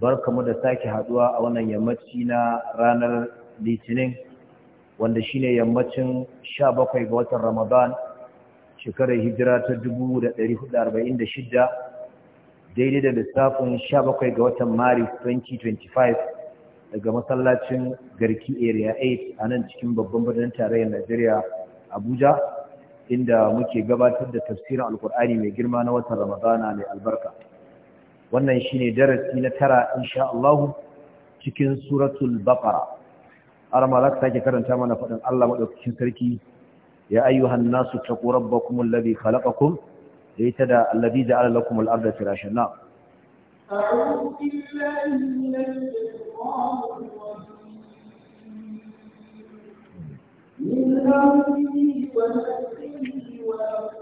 barkamu da sake haduwa a wannan yammaci na ranar litinin wanda shine yammacin 17 ga watan ramadan shekarar hijira ta 1446 daidai da lissafin 17 ga watan maris 2025 daga masallacin garki area 8 a nan cikin babban birnin tarayyar najeriya abuja inda muke gabatar da tafsirin alkur'ani mai girma na watan ramadana mai albarka wannan shi ne darasi na tara insha Allah cikin suratul baqara arama za ka sake karanta mana faɗin Allah madaukakin sarki ya ayyuhan nasu taqu rabbakum alladhi khalaqakum ليتدى الذي جعل لكم الأرض فراشا نعم أعوذ بالله من الشيطان الرجيم من أمره ونفسه ونفسه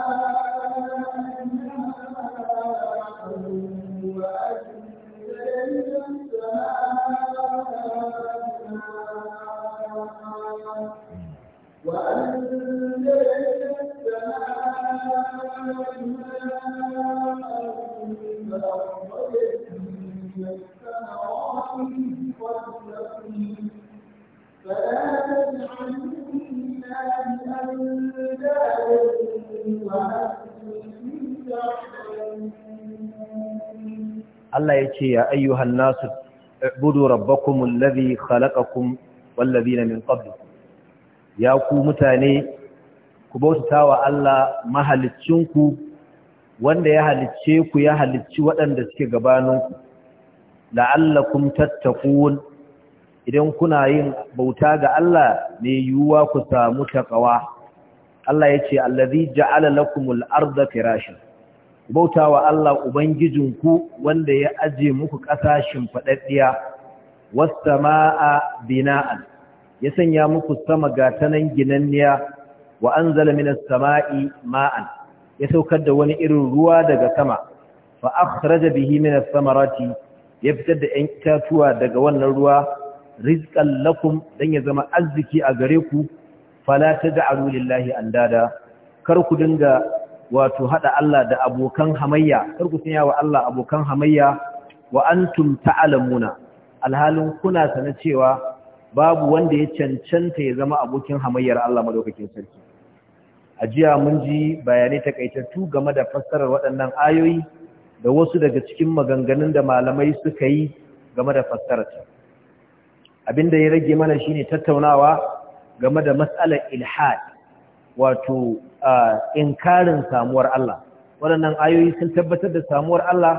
Allah ya ce ya ayyuhan nasu budu rabbakumul ladhi khalaqakum wal ladina min qablikum ya ku mutane ku bautata wa Allah mahalicinku wanda ya halicce ku ya halicci waɗanda suke gabaninku la'allakum tattaqun idan kuna yin bauta ga Allah ne yuwa ku samu taƙawa. Allah yace allazi ja'ala lakumul arda firashan bauta wa Allah ubangijinku wanda ya aje muku ƙasa shimfadaddiya was samaa bina'an ya sanya muku sama gatanan ginanniya wa zala minas sama'i ma'an ya saukar da wani irin ruwa daga sama fa akhraja bihi minas samarati ya fitar da 'yan itatuwa daga wannan ruwa rizqan lakum dan ya zama arziki a gare ku da taj'alu lillahi dada, kar ku dinga wato haɗa Allah da abokan hamayya kar ku sanya wa Allah abokan hamayya wa antum ta'lamuna alhalin kuna sana cewa babu wanda ya cancanta ya zama abokin hamayyar Allah madaukakin sarki a jiya mun ji bayanai takaitattu game da fassarar waɗannan ayoyi da wasu daga cikin maganganun da malamai suka yi game da fassarar ta. Abin da ya rage mana shine tattaunawa game da matsalar ilhad wato inkarin samuwar Allah waɗannan ayoyi sun tabbatar da samuwar Allah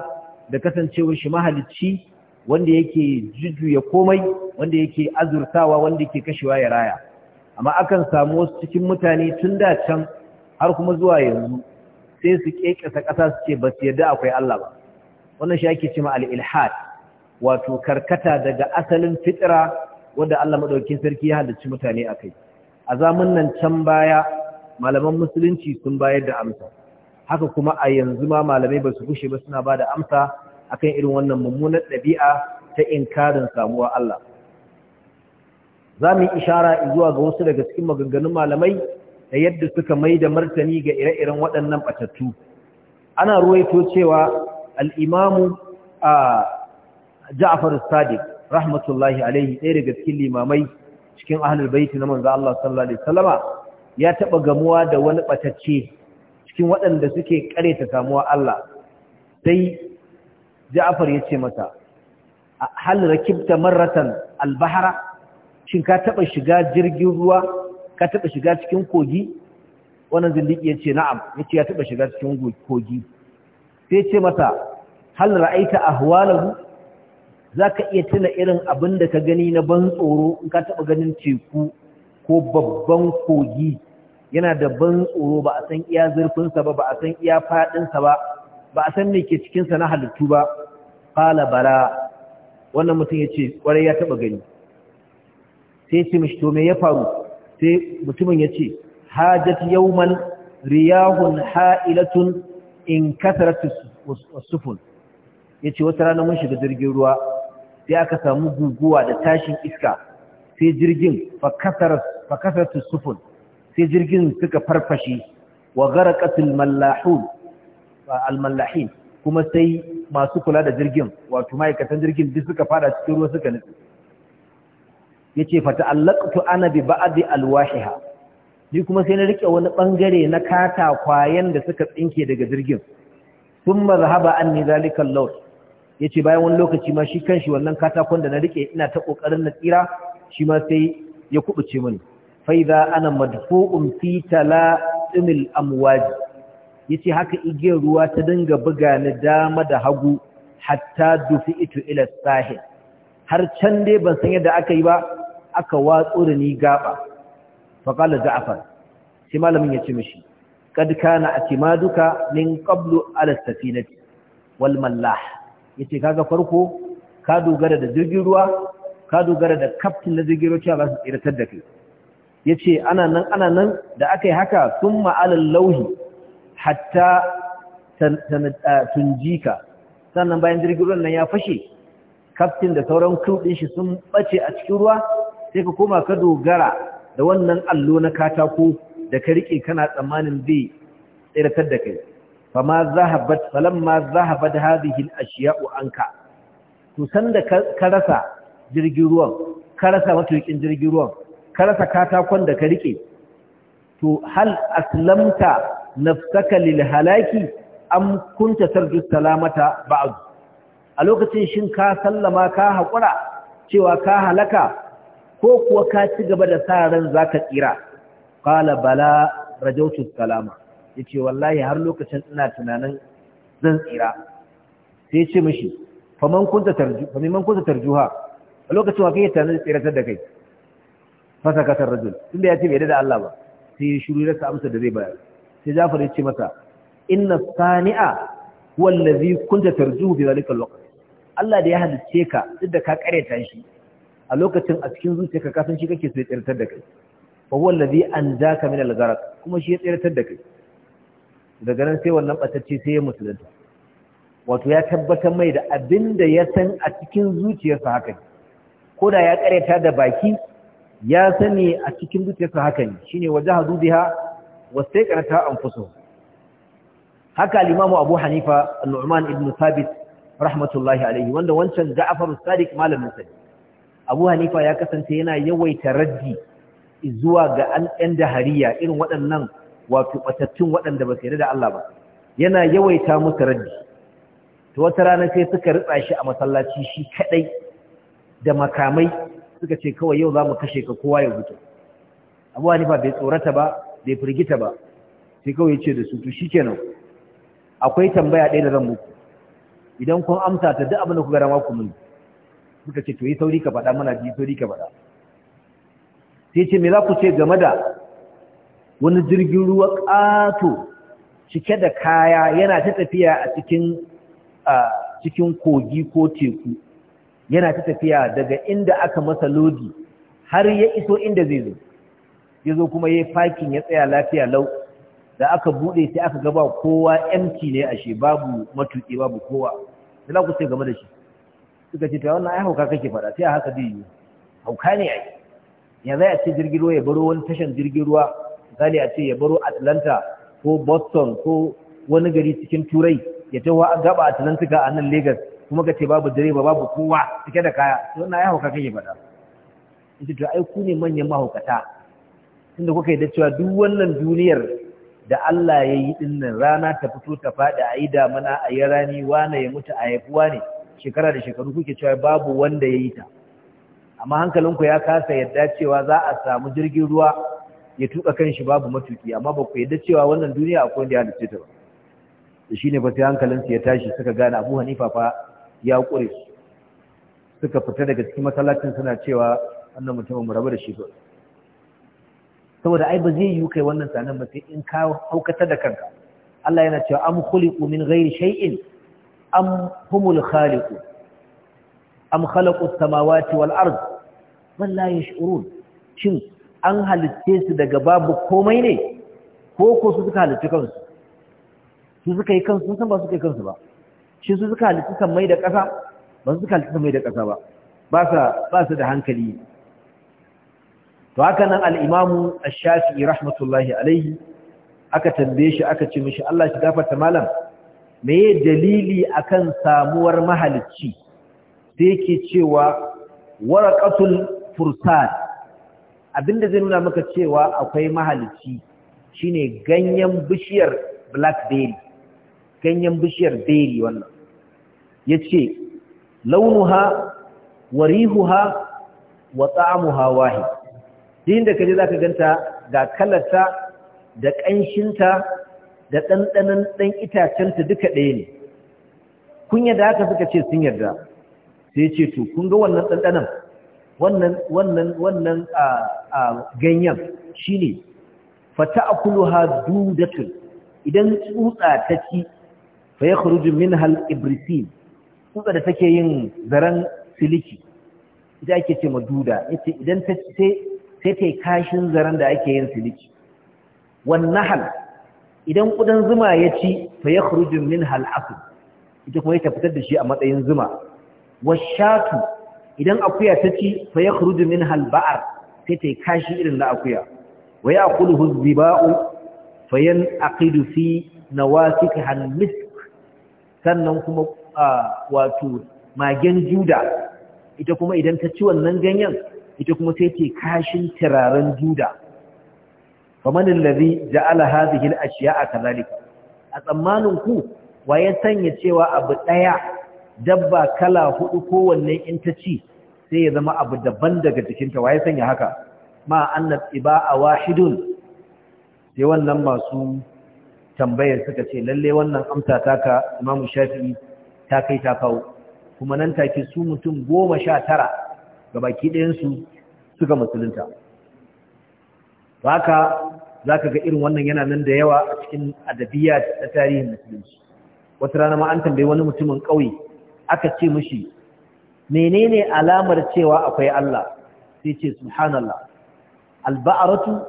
da kasancewar shi mahalicci wanda yake jujjuya komai wanda yake azurtawa wanda yake kashewa ya raya amma akan samu wasu cikin mutane tun da can har kuma zuwa yanzu sai su kekasa ƙasa su ce ba su yarda akwai Allah ba wannan shi ake cewa al-ilhad wato karkata daga asalin fitra wanda Allah madaukakin sarki ya halicci mutane akai a zamanin nan can baya malaman musulunci sun bayar da amsa haka kuma a yanzu ma malamai ba su gushe ba suna ba da amsa akan irin wannan mummunar ɗabi'a ta inkarin samuwa Allah za mu yi ishara zuwa ga wasu daga cikin maganganun malamai da yadda suka mai da martani ga ire-iren waɗannan ɓatattu ana ruwaito cewa al'imamu a ja'afar sadiq rahmatullahi alaihi ɗaya daga cikin limamai cikin ahalar baiti na manzo Allah sallallahu alaihi wasallama ya taɓa gamuwa da wani ɓatacce cikin waɗanda suke ƙareta samuwa Allah sai ja'afar ya ce masa hal rakibta marratan albahara shin ka taba shiga jirgin ruwa ka taɓa shiga cikin kogi wannan zindiki ya na'am ya ce ya taɓa shiga cikin kogi sai ce masa hal ra'aita ahwalahu zaka iya tuna irin abin da ka gani na ban tsoro in ka taba ganin teku ko babban kogi yana da ban tsoro ba a san iya zurfinsa ba ba a san iya faɗinsa ba ba a san me ke cikinsa na halittu ba fala bara wannan mutum ya ce ya taba gani sai ce mishi to me ya faru sai mutumin ya ce hajat yawman riyahun ha'ilatun in kasarat sufun ya ce wata rana mun shiga jirgin ruwa sai aka samu guguwa da tashin iska sai jirgin fa kasarat sufun sai jirgin suka farfashe wa ƙasin mallahun al-mallahin kuma sai masu kula da jirgin wato ma'aikatan jirgin duk suka fada cikin ruwa suka nutse yace fa allaktu ana bi ba'd alwahiha ni kuma sai na rike wani bangare na katakwayen da suka tsinke daga jirgin sun zahaba anni zalika Ya yace bayan wani lokaci ma shi kanshi wannan katakon da na rike ina ta kokarin na tsira shi ma sai ya kubuce mini fa ana madfu'un fi tala'imil amwaj yace haka igiyar ruwa ta dinga buga ni dama da hagu hatta ito ila sahil har can dai ban san yadda aka yi ba aka watsu ni gaba faƙala za'afar shi malamin ya ce mishi kad kana atimaduka min qablu ala safinati wal mallah yace kaga farko ka dogara da jirgin ruwa ka dogara da captain na jirgin ruwa ba su tsiratar da kai yace ana nan ana nan da aka yi haka sun ala lauhi hatta ah, tunjika sannan bayan jirgin ruwan nan ya fashe captain da sauran crew shi sun bace a cikin ruwa sai ka koma ka dogara da wannan allo na katako da ka rike kana tsammanin zai tsirkar da kai fama zahabat falamma zahabat hadhihi al-ashya'u anka to sanda ka rasa jirgin ruwan ka rasa matukin jirgin ruwan ka rasa katakon da ka rike to hal aslamta nafsaka lil halaki am kunta tarju salamata ba'd a lokacin shin ka sallama ka haƙura cewa ka halaka ko kuwa ka ci gaba da sa ran za ka tsira ƙala bala rajautu salama ya ce wallahi har lokacin ina tunanin zan tsira sai ce mishi faman kunta tarjuha a lokacin wa kai tunanin tsiratar da kai fasa kasar rajul tunda ya ce bai da Allah ba sai ya shiru rasa amsa da zai bayar sai Jafar ya ce masa inna sani'a huwa allazi kunta tarjuhu bi zalika alwaqt Allah da ya halicce ka duk da ka kareta shi a lokacin a cikin zuciyarka ka san shi kake so ya tsirtar da kai fa huwa allazi anjaka min al-gharq kuma shi ya tsirtar da kai daga nan sai wannan batacce sai ya musulunta wato ya tabbatar mai da abinda ya san a cikin zuciyarsa haka ne ko ya karyata da baki ya sani a cikin zuciyarsa haka ne shine wajahadu biha wastaqarata anfusuhum haka al-imamu Abu Hanifa al-Nu'man ibn Thabit rahmatullahi alayhi wanda wancan Ja'far as-Sadiq malamin sa abu hanifa ya kasance yana yawaita raddi zuwa ga da hariya, irin waɗannan wato ɓatattun waɗanda ba su yarda da Allah ba yana yawaita musu raddi ta wata rana sai suka ritsa shi a masallaci shi kaɗai da makamai suka ce kawai yau za mu kashe ka kowa ya huta. abu hanifa bai tsorata ba bai firgita ba sai kawai ce da su to shi kenan akwai tambaya ɗaya da zan muku idan kun amsa ta duk abin da ku gara ma ku muni suka ce to yi sauri ka faɗa muna ji sauri ka faɗa sai ce me za ku ce game da wani jirgin ruwa ƙato cike da kaya yana ta tafiya a cikin cikin kogi ko teku yana ta tafiya daga inda aka masa lodi har ya iso inda zai zo ya zo kuma ya yi fakin ya tsaya lafiya lau da aka buɗe sai aka gaba kowa empty ne ashe babu matuƙi babu kowa za ku ce game da shi suka ce ta wannan hauka kake faɗa sai haka zai yi hauka ne a yi. ya zai a ce jirgin ruwa ya baro wani tashan jirgin ruwa misali a ce ya baro atlanta ko boston ko wani gari cikin turai ya ta a gaba atlantika a nan Legas. kuma ka ce babu direba babu kowa cike da kaya to wannan ai hauka kake faɗa in ce to ai ku ne manyan mahaukata tunda kuka yi da cewa duk wannan duniyar da Allah ya yi dinnan rana ta fito ta faɗi a yi damana a yi rani wane ya mutu a haifuwa ne shekara da shekaru kuke cewa babu wanda ya yi ta amma hankalinku ya kasa yadda cewa za a samu jirgin ruwa ya tuka kanshi babu matuki amma ba ku yadda cewa wannan duniya akwai wanda ya halitta ta ba da ne ba sai hankalinsu ya tashi suka gane Abu Hanifa fa ya kure su suka fita daga cikin masallacin suna cewa wannan mutumin mu rabu da shi ba saboda ai ba zai yi kai wannan sanan ba sai in ka haukata da kanka Allah yana cewa am khuliqu min ghairi shay'in am humul khaliqu am khalaqu samawati wal ard bal la yash'urun shin an halitte su daga babu komai ne ko ko su suka halitta kansu su suka yi kansu sun san ba su kai kansu ba Shin su suka halitta sammai da ƙasa ba su suka halitta sammai da ƙasa ba ba sa ba su da hankali to haka nan al-imamu ash-shafi'i rahmatullahi alayhi aka tambaye shi aka ce mishi Allah shi gafarta malam meye dalili akan samuwar mahalicci sai yake cewa waraqatul fursan abinda zai nuna maka cewa akwai mahalicci shine ganyen bishiyar blackberry ganyen bishiyar berry wannan yace launuha warihuha wa ta'amuha wahid din da kaje zaka ganta ga kalarta da kanshinta da ɗanɗanan ɗan itacenta duka ɗaya ne kun yadda aka suka ce sun yarda sai ce to kun ga wannan ɗanɗanon wannan wannan wannan a ganyen shine fata'kuluha dudatun idan tsutsa ta ci fa yakhruju minha al-ibrisin tsutsa da take yin zaren siliki ita ake ce maduda yace idan ta sai sai ta kashin zaren da ake yin siliki wannan hal? idan ƙudan zuma ya ci fa ya khurujin min hal'asu ita kuma ya fitar da shi a matsayin zuma washatu idan akuya ta ci fa ya khurujin min halba'ar sai ta yi kashi irin na akuya wa a akuluhu ziba'u fa yan aqidu fi nawasik halmisk sannan kuma wato magen juda ita kuma idan ta ci wannan ganyen ita kuma sai ta kashin turaren juda faman Alhazi ja'ala hadhihi al-ashya'a kadhalika a tsammanin ku waye sanya cewa abu daya dabba kala hudu kowanne in ta ci sai ya zama abu daban daga jikinta waye sanya haka ma annat iba'a wahidun sai wannan masu tambayar suka ce lalle wannan amsa taka imamu shafi'i ta kai ta kawo kuma nan take su mutum goma sha tara ga baki suka musulunta haka za ka ga irin wannan yana nan da yawa a cikin adabiya ta tarihin musulunci wata rana ma an tambayi wani mutumin ƙauye aka ce mashi menene alamar cewa akwai Allah sai ce subhanallah alba'aratu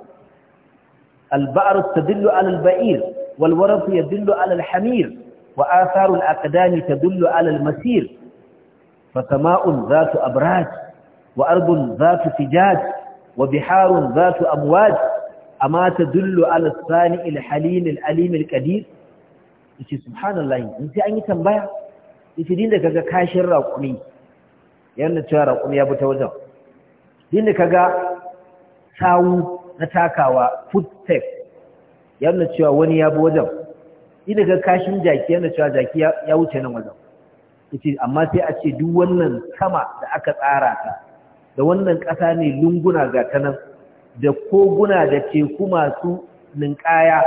alba'aratu tadullu ala alba'ir wal warqu yadullu ala alhamir wa atharu alaqdami tadullu ala almasir fa sama'un zatu abraj wa ardun zatu fijaj wa biharun zatu amwaj amma tadullu ala sani alhalim alalim alqadir yace subhanallahi in sai an tambaya yace din da kaga kashin raƙumi yana cewa raƙumi ya bi ta wajen din kaga sawu yana cewa wani ya bi wajen din kashin jaki yana cewa jaki ya wuce nan wajen yace amma sai a ce duk wannan sama da aka tsara ta da wannan ƙasa ne lunguna ga tanan da koguna da teku masu ninkaya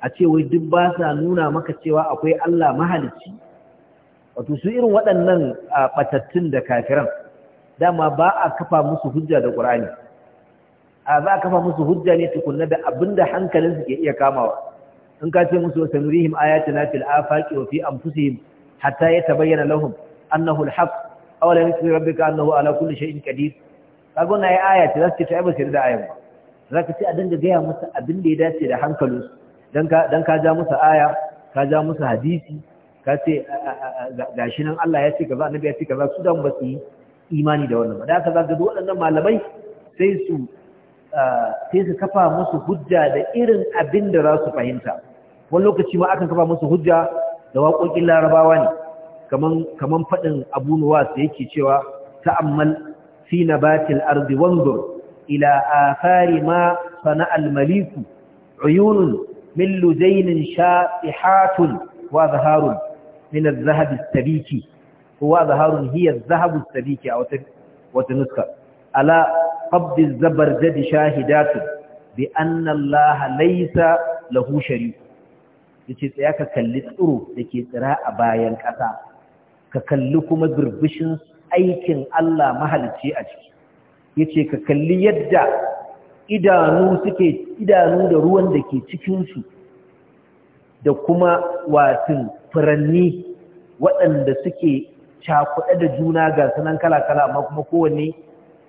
a ce wai duk ba sa nuna maka cewa akwai Allah mahalicci wato su irin waɗannan batattun da kafiran dama ba a kafa musu hujja da Qur'ani a za a kafa musu hujja ne tukunna da abinda hankalin su ke iya kamawa in ka ce musu sanurihim ayatina fil afaqi wa fi anfusihim hatta yatabayyana lahum annahu al awala rabbi rabbika annahu ala kulli shay'in qadir kago na ya aya ce zaka ce ai ba sai da ayan ba zaka ce a dinga gaya musu abin da ya dace da su dan ka dan ka ja musu aya ka ja musu hadisi ka ce gashi nan Allah ya ce kaza annabi ya ce kaza su dan ba su yi imani da wannan ba da haka zaka ga waɗannan malamai sai su sai su kafa musu hujja da irin abin da za su fahimta wani lokaci ma akan kafa musu hujja da waƙoƙin larabawa ne kaman faɗin fadin Abu Nuwas yake cewa ta'ammal fi nabatil arzi wanzur ila afari ma sana al-malik uyunun min sha'ihatun wa zaharun min az tabiki as zaharun hiya az-zahab as wata nuska ala qabdi az-zabarjad shahidatun bi annan laha laisa lahu shariku yace tsaya ka kalli tsiro dake tsira a bayan ƙasa ka kalli kuma birbishin aikin Allah mahalci a ciki Ya ce ka kalli yadda idanu suke idanu da ruwan da ke cikinsu da kuma watin furanni waɗanda suke cakuɗe da juna ga sanan kala-kala amma kuma kowanne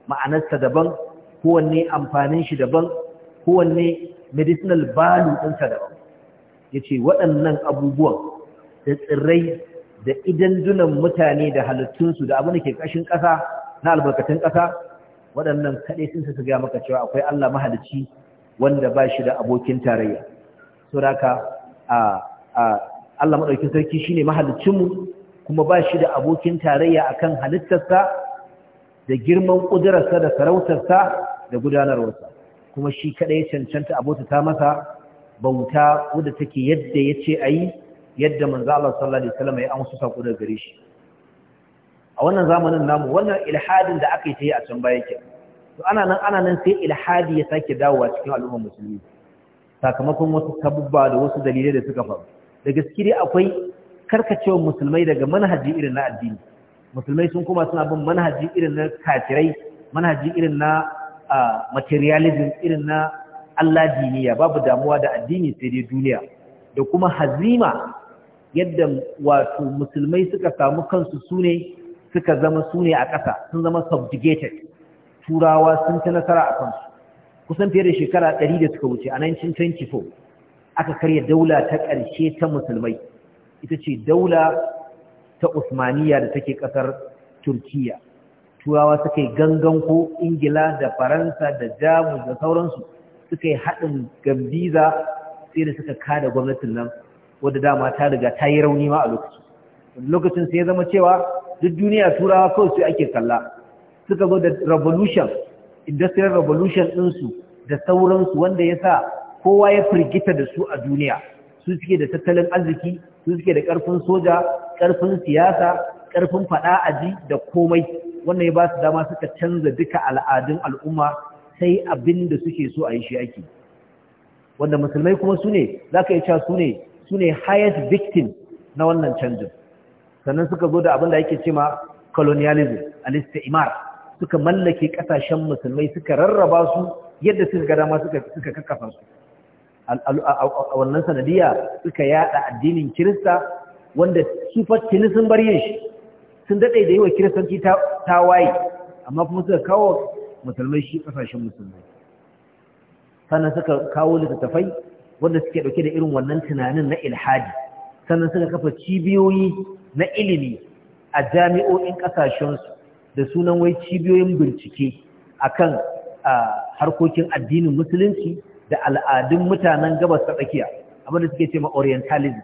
ma'anarsa daban kowanne amfanin shi daban kowanne medicinal value ɗinsa daban ya ce waɗannan abubuwan da tsirrai da idan dunan mutane da halittunsu da abin da ke ƙashin ƙasa na albarkatun ƙasa waɗannan kaɗai sun su gaya maka cewa akwai Allah mahalicci wanda ba shi da abokin tarayya saboda a Allah maɗaukin sarki shine mahalicinmu kuma ba shi da abokin tarayya akan halittarsa da girman ƙudurarsa da sarautarsa da gudanarwarsa kuma shi kaɗai cancanta abota ta masa bauta wadda take yadda ya ce a yi yadda manzo Allah sallallahu alaihi wasallam ya amsa sako daga gare shi a wannan zamanin namu wannan ilhadin da aka yi ta yi a can baya kenan to ana nan ana nan sai ilhadi ya sake dawowa cikin al'ummar musulmi sakamakon wasu sabubba da wasu dalilai da suka faru da gaske dai akwai karkacewar musulmai daga manhaji irin na addini musulmai sun kuma suna bin manhaji irin na kafirai manhaji irin na materialism irin na Allah diniya babu damuwa da addini sai dai duniya da kuma hazima yadda wato musulmai suka samu kansu sune suka zama sune a ƙasa sun zama subjugated turawa sun ta nasara a kansu kusan fiye da shekara 100 da suka wuce a 1924 aka karya daula ta ƙarshe ta musulmai ita ce daula ta Usmaniya da take ƙasar Turkiya turawa suka yi gangan ko ingila da faransa da jamus da sauransu suka yi haɗin gambiza sai da suka kada gwamnatin nan wadda dama ta riga ta yi rauni ma a lokaci lokacin sai ya zama cewa duk duniya turawa kawai su ake kalla suka zo da revolution industrial revolution su da sauransu wanda ya sa kowa ya firgita da su a duniya su suke da tattalin arziki su suke da ƙarfin soja ƙarfin siyasa ƙarfin faɗa aji da komai wannan ya ba su dama suka canza duka al'adun al'umma sai abin da suke so a yi shi ake wanda musulmai kuma su ne za ka iya cewa su ne su ne highest victim na wannan canjin sannan suka zo da abin da ake cema colonialism alista imar suka mallake kasashen musulmai suka rarraba su yadda suka ga dama suka suka su a wannan sanadiya suka yada addinin kirista wanda su fattini sun bar yin shi sun dade da yi wa kiristanci ta waye amma kuma suka kawo musulmai shi kasashen musulmai sannan suka kawo littattafai wanda suke dauke da irin wannan tunanin na ilhadi sannan suka kafa cibiyoyi na ilimi a jami'o'in kasashensu da sunan wai cibiyoyin bincike a kan harkokin addinin musulunci da al'adun mutanen gabas ta tsakiya abinda suke ce ma orientalism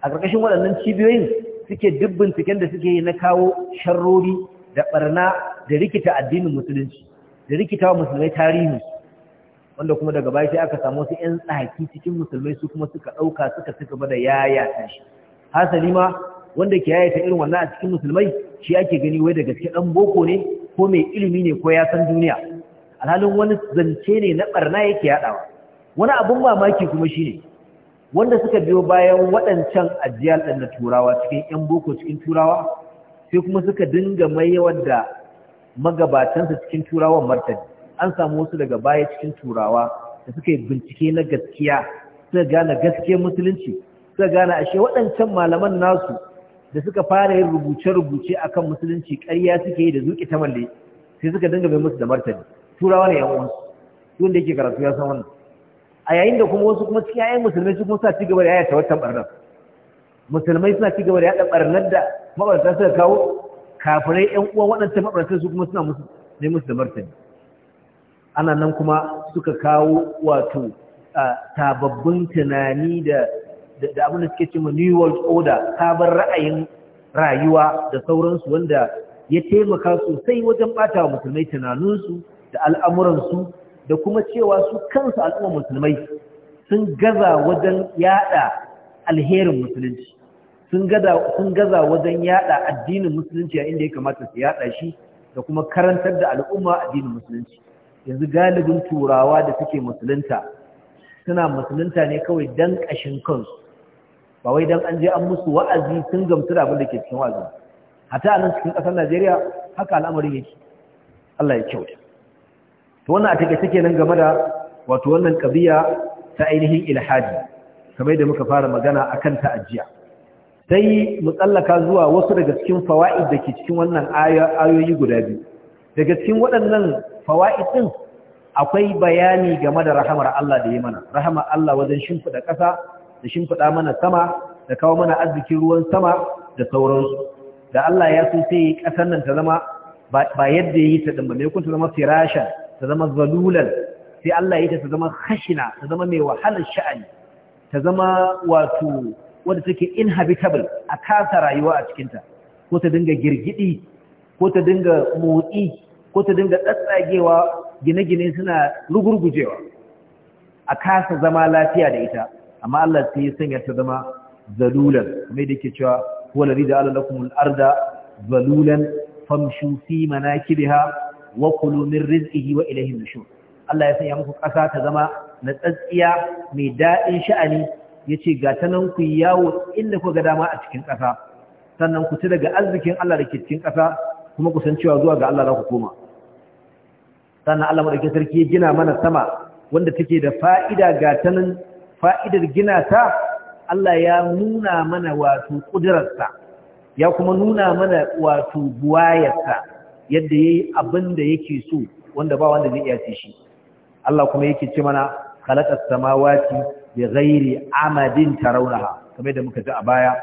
a ƙarƙashin waɗannan cibiyoyin suke duk binciken da suke yi na kawo sharrori da ɓarna da rikita addinin musulunci da rikita wa musulmai tarihinsu wanda kuma daga baya sai aka samu wasu 'yan tsaki cikin musulmai su kuma suka ɗauka suka ci gaba da yayata shi hasali ma wanda ke yayata irin wannan a cikin musulmai shi ake gani wai da gaske ɗan boko ne ko mai ilimi ne ko ya san duniya alhalin wani zance ne na ɓarna yake yaɗawa wani abun mamaki kuma shine wanda suka biyo bayan waɗancan ajiyar ɗan na turawa cikin 'yan boko cikin turawa sai kuma suka dinga mai yawan da magabatansa cikin turawan martani an samu wasu daga baya cikin turawa da suka yi bincike na gaskiya suka gane gaskiyar musulunci suka gane ashe waɗancan malaman nasu da suka fara yin rubuce-rubuce a kan musulunci ƙarya suke yi da zuƙi ta malle sai suka dinga mai musu da martani turawa ne yan su da yake karatu ya san wannan a yayin da kuma wasu kuma cikin 'ya'yan musulmai su kuma sa ci gaba da yaya ta wata barnar musulmai suna ci gaba da yada barnar da mabarta suka kawo kafirai yan uwan waɗancan mabarta su kuma suna musu musu da martani ana nan kuma suka kawo wato tababbin tunani da da abin da suke cewa new world order sabon ra'ayin rayuwa da sauransu wanda ya taimaka sosai wajen bata wa musulmai tunaninsu da al'amuransu da kuma cewa su kansu al'umma musulmai sun gaza wajen yada alherin musulunci sun gaza wajen yada addinin musulunci a inda ya kamata su yada shi da kuma karantar da al'umma addinin musulunci yanzu galibin turawa da suke musulunta suna musulunta ne kawai dan ƙashin kansu ba wai dan an je an musu wa'azi sun gamsu da abin da ke cikin wa'azi hatta a nan cikin ƙasar Najeriya haka al'amarin yake Allah ya kyauta to wannan a take take nan game da wato wannan ƙabiya ta ainihin ilhadi kamar da muka fara magana akan ajiya sai mu tsallaka zuwa wasu daga cikin fawaid da ke cikin wannan ayoyi guda biyu daga cikin waɗannan fawaid akwai bayani game da rahamar Allah da ya mana rahamar Allah wajen shimfiɗa ƙasa da shimfiɗa mana sama da kawo mana arzikin ruwan sama da sauransu da Allah ya so sai ƙasar nan ta zama ba yadda ya yi ta ɗin ba mai ta zama firasha, ta zama zalulal, sai Allah ya ta ta zama hashina ta zama mai wahalar sha'ani ta zama wato wadda take inhabitable a kasa rayuwa a cikinta ko ta dinga girgidi ko ta dinga motsi ko ta dinga tsatsagewa gine-gine suna rugurgujewa a kasa zama lafiya da ita amma Allah sai ya sanya ta zama zalulan kuma da ke cewa huwa alladhi ja'ala lakum arda zalulan famshu fi manakibiha wa kulu min wa Allah ya sanya muku ƙasa ta zama na tsatsiya mai daɗin sha'ani yace ga ta nan ku yawo inda ku ga dama a cikin ƙasa sannan ku ci daga arzikin Allah da ke cikin ƙasa kuma ku san cewa zuwa ga Allah za ku koma sannan Allah madaukakin sarki ya gina mana sama wanda take da fa'ida ga ta nan fa'idar gina ta Allah ya nuna mana wato ƙudurarsa ya kuma nuna mana wato buwayarsa yadda ya yi abin da yake so wanda ba wanda zai iya ce shi Allah kuma yake ce mana khalaƙar samawati da ghairi amadin Raunaha, kamar da muka ji a baya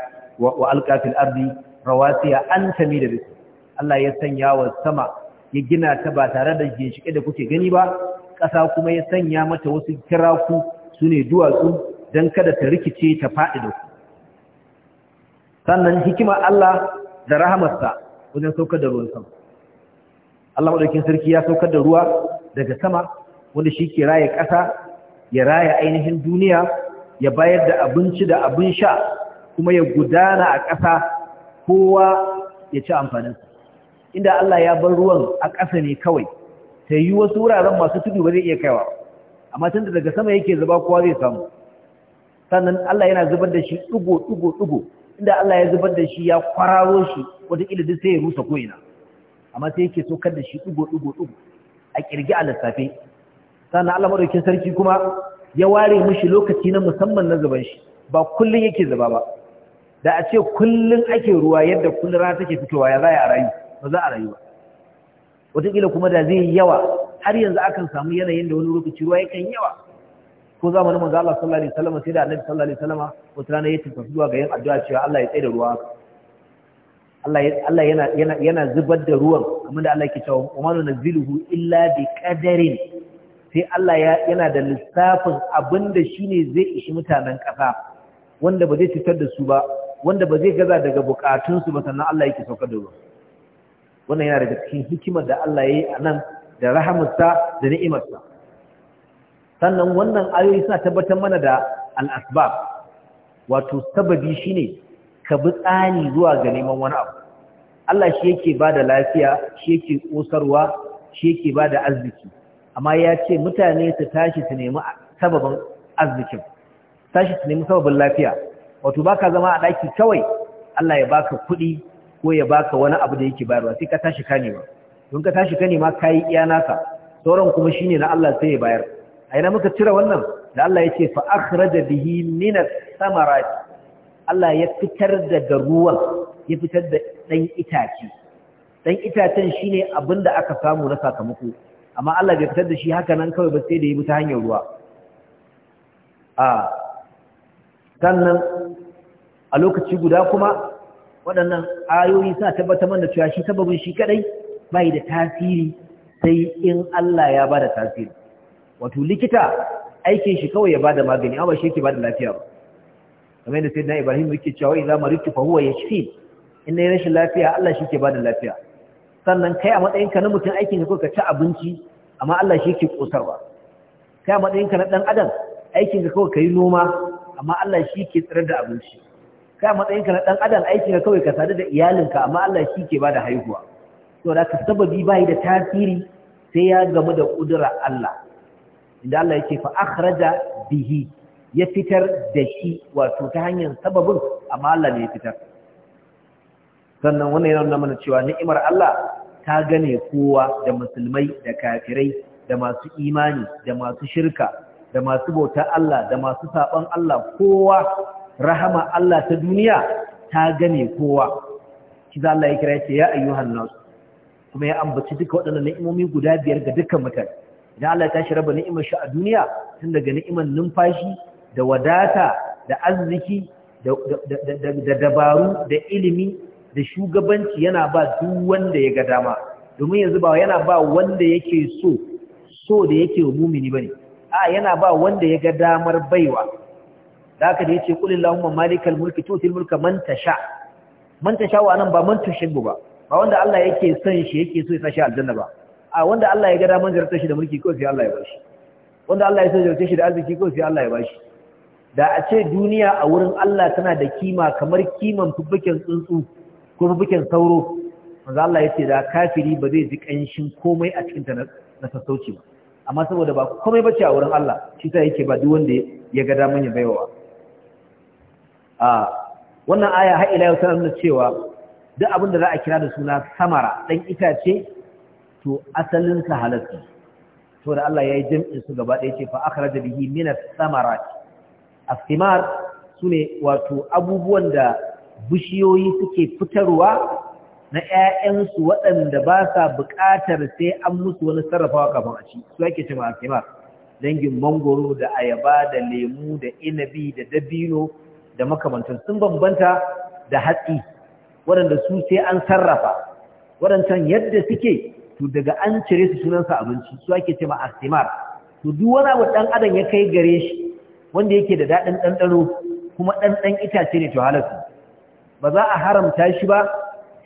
wa alƙafin ardi rawasiya an da bisu Allah ya sanya wa sama ya gina ta ba tare da ginshiƙe da kuke gani ba ƙasa kuma ya sanya mata wasu kiraku su ne duwatsu don kada ta rikice ta faɗi da ku sannan hikima Allah da rahamarsa wajen saukar da ruwan sama Allah maɗaukin sarki ya saukar da ruwa daga sama wanda shi ke raya ƙasa ya raya ainihin duniya ya bayar da abinci da abin sha kuma ya gudana a ƙasa kowa ya ci amfaninsa inda Allah ya bar ruwan a ƙasa ne kawai ta yi wasu wuraren masu tudu ba zai iya kaiwa amma tun da daga sama yake zuba kowa zai samu sannan Allah yana zubar da shi ɗugo ɗugo ɗugo inda Allah ya zubar da shi ya kwararo shi wataƙila duk sai ya rusa ko'ina amma sai yake saukar da shi ɗugo ɗugo ɗugo a ƙirgi a lissafe sannan Allah maɗaukin sarki kuma ya ware mishi lokaci na musamman na zuban shi ba kullum yake zuba ba da a ce kullum ake ruwa yadda kullum rana take fitowa ya zaya a rayu ba za a rayu ba wataƙila kuma da zai yawa har yanzu akan samu yanayin da wani lokaci ruwa yakan yawa ko zamanin manzo Allah sallallahu alaihi wasallam sai da Annabi sallallahu alaihi wasallam wata rana ya tafi zuwa ga yin addu'a cewa Allah ya tsaye da ruwa Allah Allah yana yana yana zubar da ruwan kamar da Allah yake cewa wa man naziluhu illa bi qadarin sai Allah ya yana da lissafin abinda shine zai ishi mutanen kasa wanda ba zai cutar da su ba wanda ba zai gaza daga bukatunsu ba sannan Allah yake saukar da ruwan wannan yana daga cikin hikimar da Allah ya yi a nan da rahamarsa da ni'imarsa sannan wannan ayoyi suna tabbatar mana da al'asbab wato sababi shine ka bi tsani zuwa ga neman wani abu Allah shi yake ba da lafiya shi yake ƙosarwa shi yake ba da arziki amma ya ce mutane su tashi su nemi sababin arzikin tashi su nemi sababin lafiya wato baka zama a ɗaki kawai Allah ya baka kuɗi ko ya baka wani abu da yake bayarwa sai ka tashi ka nema don ka tashi ka nema kayi iya naka sauran kuma shine na Allah sai ya bayar a ina muka cire wannan da Allah ya ce fa akhraja bihi min as-samarat Allah ya fitar da ruwan ya fitar da dan itace dan itacen shine abinda aka samu na sakamako amma Allah bai fitar da shi haka nan kawai ba sai da yi ta hanyar ruwa a sannan a lokaci guda kuma waɗannan ayoyi suna tabbatar mana cewa shi sababin shi kadai bai da tasiri sai in Allah ya bada tasiri wato likita aikin shi kawai ya bada magani amma shi yake bada lafiya ba kamar yadda na Ibrahim yake cewa idan maritu fa huwa yashfi in ne rashin lafiya Allah shi yake bada lafiya sannan kai a matsayin ka na mutum aikin ka ka ci abinci amma Allah shi yake kosarwa kai a matsayin ka na dan adam aikin ka yi kai noma amma Allah shi yake tsirar da abinci kai matsayin ka na dan adam aiki ka kawai ka sadu da iyalinka amma Allah shi ke bada haihuwa to da ka sababi bai da tasiri sai ya gamu da ƙudura Allah inda Allah yake fa akhraja bihi ya fitar da shi wato ta hanyar sababin amma Allah ne ya fitar sannan wannan yana nuna mana cewa ni'imar Allah ta gane kowa da musulmai da kafirai da masu imani da masu shirka da masu bautar Allah da masu saban Allah kowa rahama Allah ta duniya ta gane kowa kiza Allah ya kira ce ya ayyuhan nas kuma ya ambaci duka waɗannan ni'imomi guda biyar ga dukkan mutane idan Allah ya tashi raba ni'imar shi a duniya tun daga ni'imar numfashi da wadata da arziki da dabaru da ilimi da shugabanci yana ba duk wanda ya ga dama domin yanzu ba yana ba wanda yake so so da yake mumini bane a yana ba wanda ya ga damar baiwa da haka da ce, ƙulin illahumma malikal mulki tutil mulka man tasha man tasha wa nan ba man tushibbu ba ba wanda Allah yake son shi yake so ya sashi aljanna ba a wanda Allah ya ga daman zartar shi da mulki ko sai Allah ya bashi wanda Allah ya so zartar shi da arziki ko sai Allah ya bashi da a ce duniya a wurin Allah tana da kima kamar kiman fubbukin tsuntsu ko fubbukin sauro manzo Allah yace da kafiri ba zai ji kanshin komai a cikin ta na sassauci ba amma saboda ba komai bace a wurin Allah shi ta yake ba duk wanda ya ga daman ya baiwa a wannan aya har ila yau tana nuna cewa duk abin da za a kira da suna samara dan itace to asalin sa halatta to da Allah ya yi jam'in su gaba ɗaya ce fa akhraja bihi min as-samarat as-thimar sune wato abubuwan da bishiyoyi suke fitarwa na ‘ya'yansu waɗanda ba sa buƙatar sai an musu wani sarrafawa kafin a ci su ake as a dangin mangoro da ayaba da lemu da inabi da dabino da makamantan sun bambanta da hatsi waɗanda su sai an sarrafa waɗancan yadda suke to daga an cire su sunansa abinci su ake ce ma astimar to duk wani abu ɗan adam ya kai gare shi wanda yake da daɗin ɗanɗano kuma ɗanɗan itace ne to halarsu ba za a haramta shi ba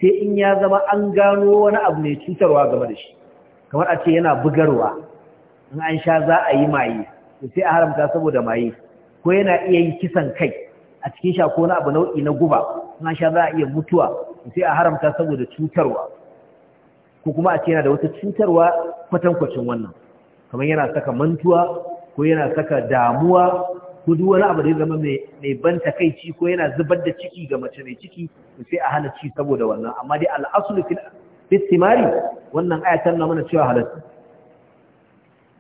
sai in ya zama an gano wani abu mai cutarwa game da shi kamar a ce yana bugarwa in an sha za a yi maye to sai a haramta saboda maye ko yana iya yi kisan kai a cikin sha ko na abu nau'i na guba na sha za a iya mutuwa sai a haramta saboda cutarwa ko kuma a ce yana da wata cutarwa kwatankwacin wannan kamar yana saka mantuwa ko yana saka damuwa ko duk wani abu da ya zama mai ban takaici ko yana zubar da ciki ga mace mai ciki sai a hana ci saboda wannan amma dai al'asulu fil istimari wannan aya tana mana cewa halatta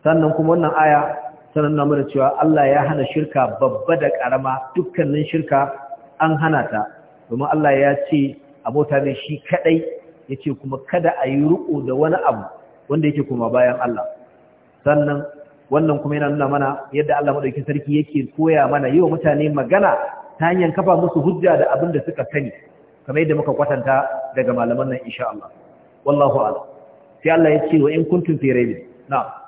sannan kuma wannan aya sanan na mana cewa Allah ya hana shirka babba da ƙarama dukkanin shirka an hana ta domin Allah ya ce a bauta ne shi kadai yace kuma kada a yi riƙo da wani abu wanda yake kuma bayan Allah sannan wannan kuma yana nuna mana yadda Allah madaukakin sarki yake koya mana yi mutane magana ta hanyar kafa musu hujja da abin da suka sani kamar yadda muka kwatanta daga malaman nan insha Allah wallahu a'lam sai Allah ya ce wa in kuntum fi raibin na'am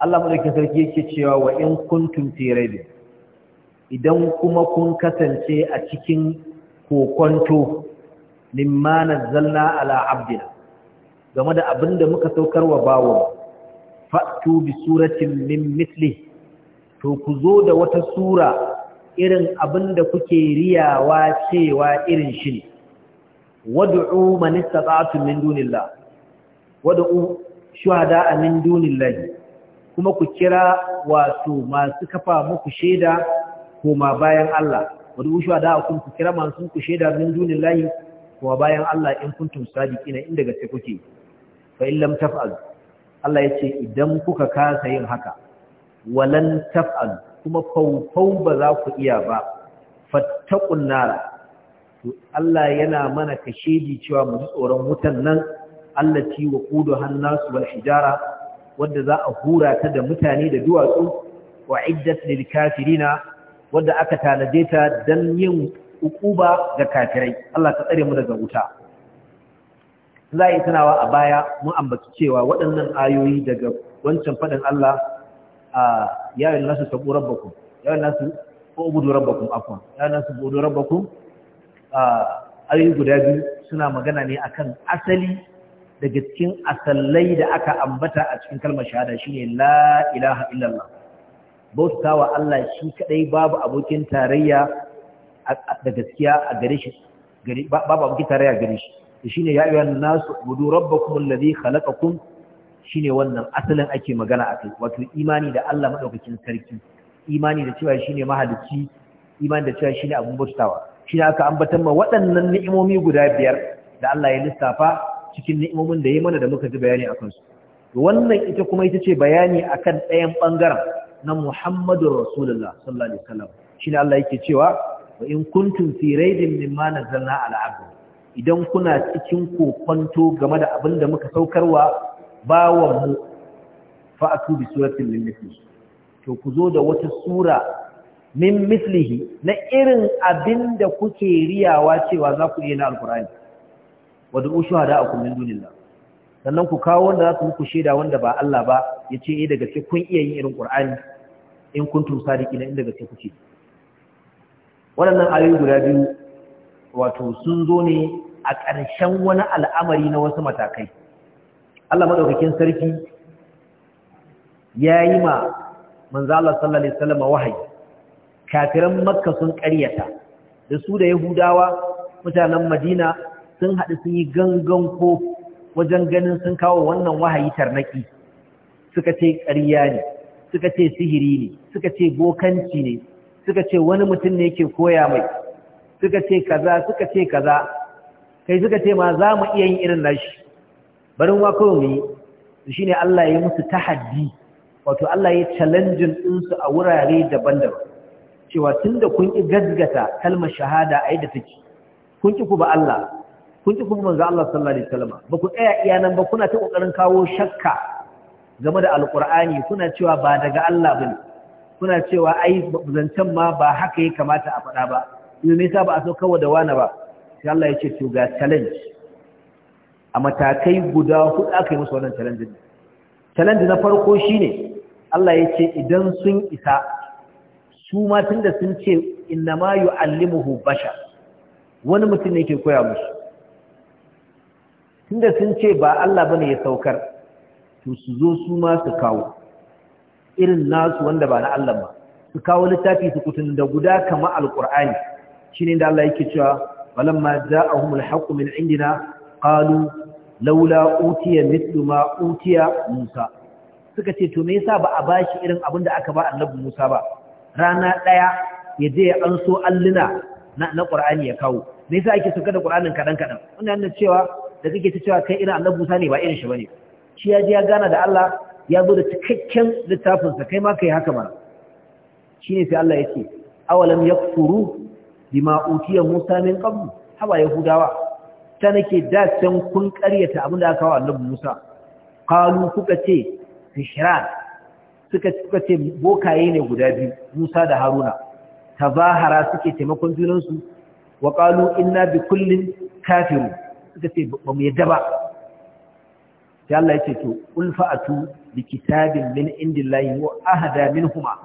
Allah madaukakin sarki yake cewa wa in kuntum fi idan kuma kun kasance a cikin kokonto mimma zalla ala abdina game da abin da muka saukar wa bawon fa'tu bi suratin min misli to ku zo da wata sura irin abin da kuke riyawa cewa irin shi ne wad'u man istata'tum min dunillah wad'u shuhada'a min dunillah kuma ku kira wato masu kafa muku shaida ma bayan Allah wad'u kun ku kira masu ku shaida min dunillah kuma bayan Allah in kuntum sadiqina inda gaske kuke fa in lam taf'al Allah yace idan kuka kasa yin haka walan taf'al kuma faufau ba za ku iya ba fattaqun nar to Allah yana mana kashedi cewa mu tsoron wutan nan allati kudu hannasu wal hijara wadda za a hura ta da mutane da duwatsu wa iddat lil kafirina wadda aka tanade ta dan yin ukuba ga kafirai Allah ka tsare mu daga wuta za a yi tunawa a baya mun ambaci cewa waɗannan ayoyi daga wancan faɗin Allah a yayin nasu tabu rabbakum yayin nasu ubudu rabbakum afwan yayin nasu ubudu rabbakum a ayoyi guda biyu suna magana ne akan asali daga cikin asallai da aka ambata a cikin kalmar shahada shine la ilaha illallah bautawa Allah shi kadai babu abokin tarayya da gaskiya a gare shi babu abokin tarayya gare shi shine ya ayyuhan nasu budu rabbakum alladhi shi ne wannan asalin ake magana a kai wato imani da Allah madaukakin sarki imani da cewa ne mahalicci imani da cewa abin abun bautawa shine aka ambatan ma waɗannan ni'imomi guda biyar da Allah ya lissafa cikin ni'imomin da ya mana da muka ji bayani akan su wannan ita kuma ita ce bayani akan ɗayan bangaren na Muhammadur Rasulullah sallallahu alaihi wasallam shine Allah yake cewa wa in kuntum fi raidin mimma nazzalna ala abdi idan kuna cikin kokonto game da abin da muka saukarwa bawanmu fa'atu bi suratun min mislihi to ku zo da wata sura min mislihi na irin abin da kuke riyawa cewa za ku iya na alkurani wadda ushu hada a kullum dunillah sannan ku kawo wanda za su muku shaida wanda ba Allah ba ya ce eh daga ce kun iya yin irin qur'ani in kuntum sadiqina in daga ce kuke waɗannan ayoyi guda biyu wato sun zo ne a ƙarshen wani al'amari na wasu matakai Allah maɗaukakin sarki ya yi ma Manzala sallallahu alaihi wasallam wahayi kafiran makka sun ƙaryata da su da yahudawa mutanen madina sun haɗu sun yi gangan ko wajen ganin sun kawo wannan wahayi tarnaki suka ce ƙarya ne suka ce sihiri ne suka ce bokanci ne suka ce wani mutum ne yake koya mai suka ce kaza suka ce kaza kai suka ce ma za mu iya yin irin nashi Barin wa kawai mu shi ne Allah ya yi musu tahaddi wato Allah ya yi challenging ɗinsu a wurare daban-daban cewa tun da kun ƙi gaggata kalmar shahada a yadda take kun ƙi ku ba Allah kun ƙi ku ba manzo Allah sallallahu alaihi wasallam ba ku tsaya iya nan ba kuna ta kokarin kawo shakka game da alqur'ani kuna cewa ba daga Allah bane kuna cewa ai zancen ma ba haka ya kamata a faɗa ba me yasa ba a so kawo da wani ba sai Allah ya ce to ga challenge a matakai guda hudu aka yi musu wannan challenge din challenge na farko shine Allah ya ce idan sun isa su ma tunda sun ce ma yu'allimuhu bashar wani mutum ne yake koya musu tunda sun ce ba Allah bane ya saukar to su zo su ma su kawo irin nasu wanda ba na Allah ba su kawo littafi su kutun da guda kama alkur'ani shine da Allah yake cewa فلما جاءهم الحق من عندنا قالوا laula utiya mithlu utiya Musa suka ce to me yasa ba a bashi irin abin da aka ba Annabi Musa ba rana daya ya je an anso alluna na na Qur'ani ya kawo me yasa ake sauka da Qur'anin kadan kadan wannan yana cewa da kake ta cewa kai irin Annabi Musa ne ba irin shi bane shi ya je ya gana da Allah ya zo da cikakken littafin sa kai ma kai haka ba ne sai Allah yake awalam yakfuru bima utiya Musa min qabl haba yahudawa ta nake da san kun karyata abin da aka wa annabi Musa qalu kuka ce fishran suka suka ce bokaye ne guda biyu Musa da Haruna tazahara suke taimakon junan su wa qalu inna bi kullin kafiru. suka ce ba mu yadda ba sai Allah ya ce to ulfa'atu bi kitabin min indillahi wa ahada minhuma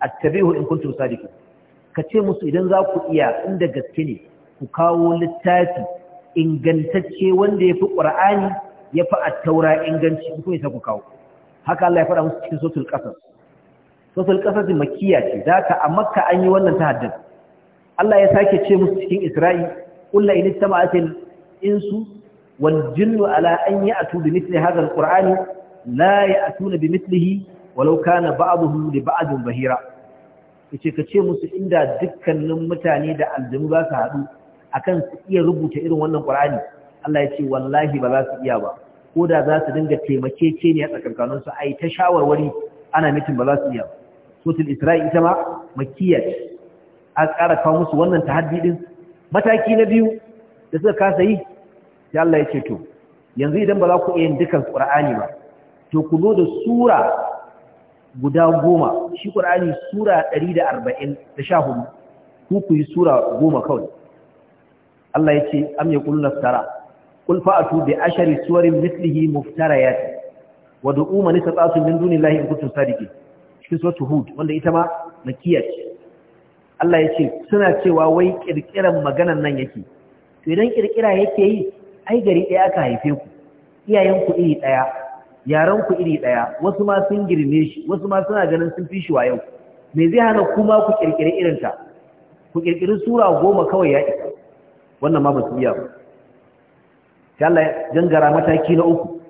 attabihu in kuntum sadiqin ka ce musu idan za ku iya inda gaske ne ku kawo littafi ingantacce wanda ya fi ƙur'ani ya fi taura inganci ku ne ku kawo haka Allah ya faɗa musu cikin sotul ƙasar. sotul ƙasas makiya ce za ka a makka an yi wannan ta haddasa Allah ya sake ce musu cikin isra'i ƙulla ta istama'atil insu wal jinnu ala an ya'tu bi mithli hadha al-qur'ani la ya'tuna bi mithlihi walau kana ba'dhum da ba'adun bahira kace ka ce musu inda dukkanin mutane da aljanu za su haɗu a kan su iya rubuta irin wannan ƙur'ani. Allah ya ce wallahi ba za su iya ba ko da za su dinga taimake ce ne a tsakankanin su ai ta shawarwari ana mitin ba za su iya ba sotul isra'i ita ma makkiya ce an ƙara kawo musu wannan tahaddi din mataki na biyu da suka kasa yi sai Allah ya ce to yanzu idan ba za ku iya yin dukkan Qur'ani ba to ku zo da sura guda goma shi ƙur'ani sura ɗari da arba'in da sha hudu ku ku yi sura goma kawai Allah ya ce am ya kullu naftara kul fa'atu bi ashari suwarin mithlihi muftarayat wa du'u man istata'tum min dunillahi in kuntum sadiqin shi sura tuhud wanda ita ma makiyya Allah ya ce suna cewa wai kirkiran maganan nan yake to idan kirkira yake yi ai gari ɗaya aka haife ku iyayen ku iri ɗaya yaran ku iri daya wasu ma sun girme shi wasu ma suna ganin sun fi shi wa yau. me zai hana kuma ku kirkire irin ta ku kirkire sura goma kawai ya isa wannan ma ba su iya ba sai Allah mataki na uku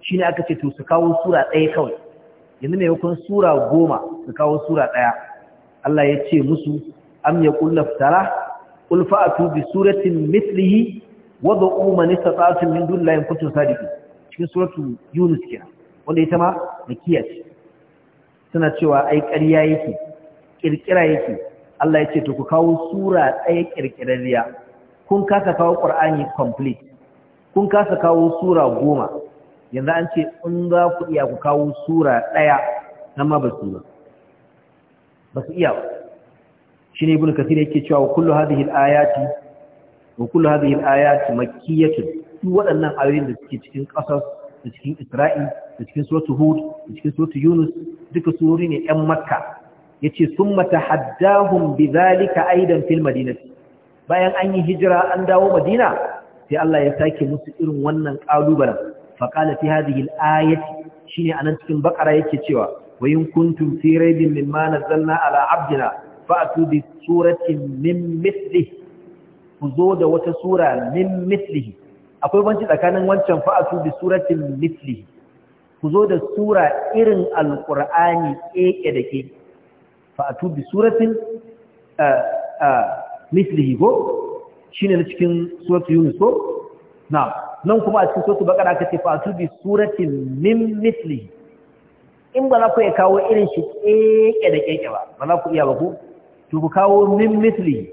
shine aka ce to su kawo sura ɗaya kawai yanzu mai hukun sura goma su kawo sura ɗaya Allah ya ce musu am ya kulla fitara ulfa'atu bi suratin mithlihi wa umarni man tsatsun min dullahin kuntum sadiqin cikin suratu yunus kenan wanda ita ma da kiyas suna cewa ai ƙarya yake ƙirƙira yake Allah ya ce to ku kawo sura ɗaya ƙirƙirarriya kun kasa kawo ƙur'ani complete kun kasa kawo sura goma yanzu an ce in za ku iya ku kawo sura ɗaya nan ma ba su ba ba su iya shi ne ibn kasir yake cewa kullu hadhihi al-ayati wa kullu hadhihi al-ayati makkiyatun duk waɗannan ayoyin da suke cikin ƙasar da cikin Isra'il, da cikin suratu hud da cikin suratu yunus duka surori ne 'yan makka ya ce sun mata haddahun bi zalika aidan fil madinati bayan an yi hijira an dawo madina sai Allah ya sake musu irin wannan ƙalubalen faƙala fi hadhihi al-ayati shine anan cikin bakara yake cewa wa in kuntum fi raibin mimma nazzalna ala abdina fa'tu bi suratin min mithlihi ku zo da wata sura min mithlihi akwai banci tsakanin wancan fa'atu bi suratin misli ku zo da sura irin alqur'ani keke da ke fa'atu bi suratin go, shi shine na cikin suratu yunus ko na'am nan kuma a cikin suratu baqara aka ce fa'atu bi suratin min mitli in ba za ku iya kawo irin shi keke da keke ba ba za ku iya ba ku to ku kawo min mitli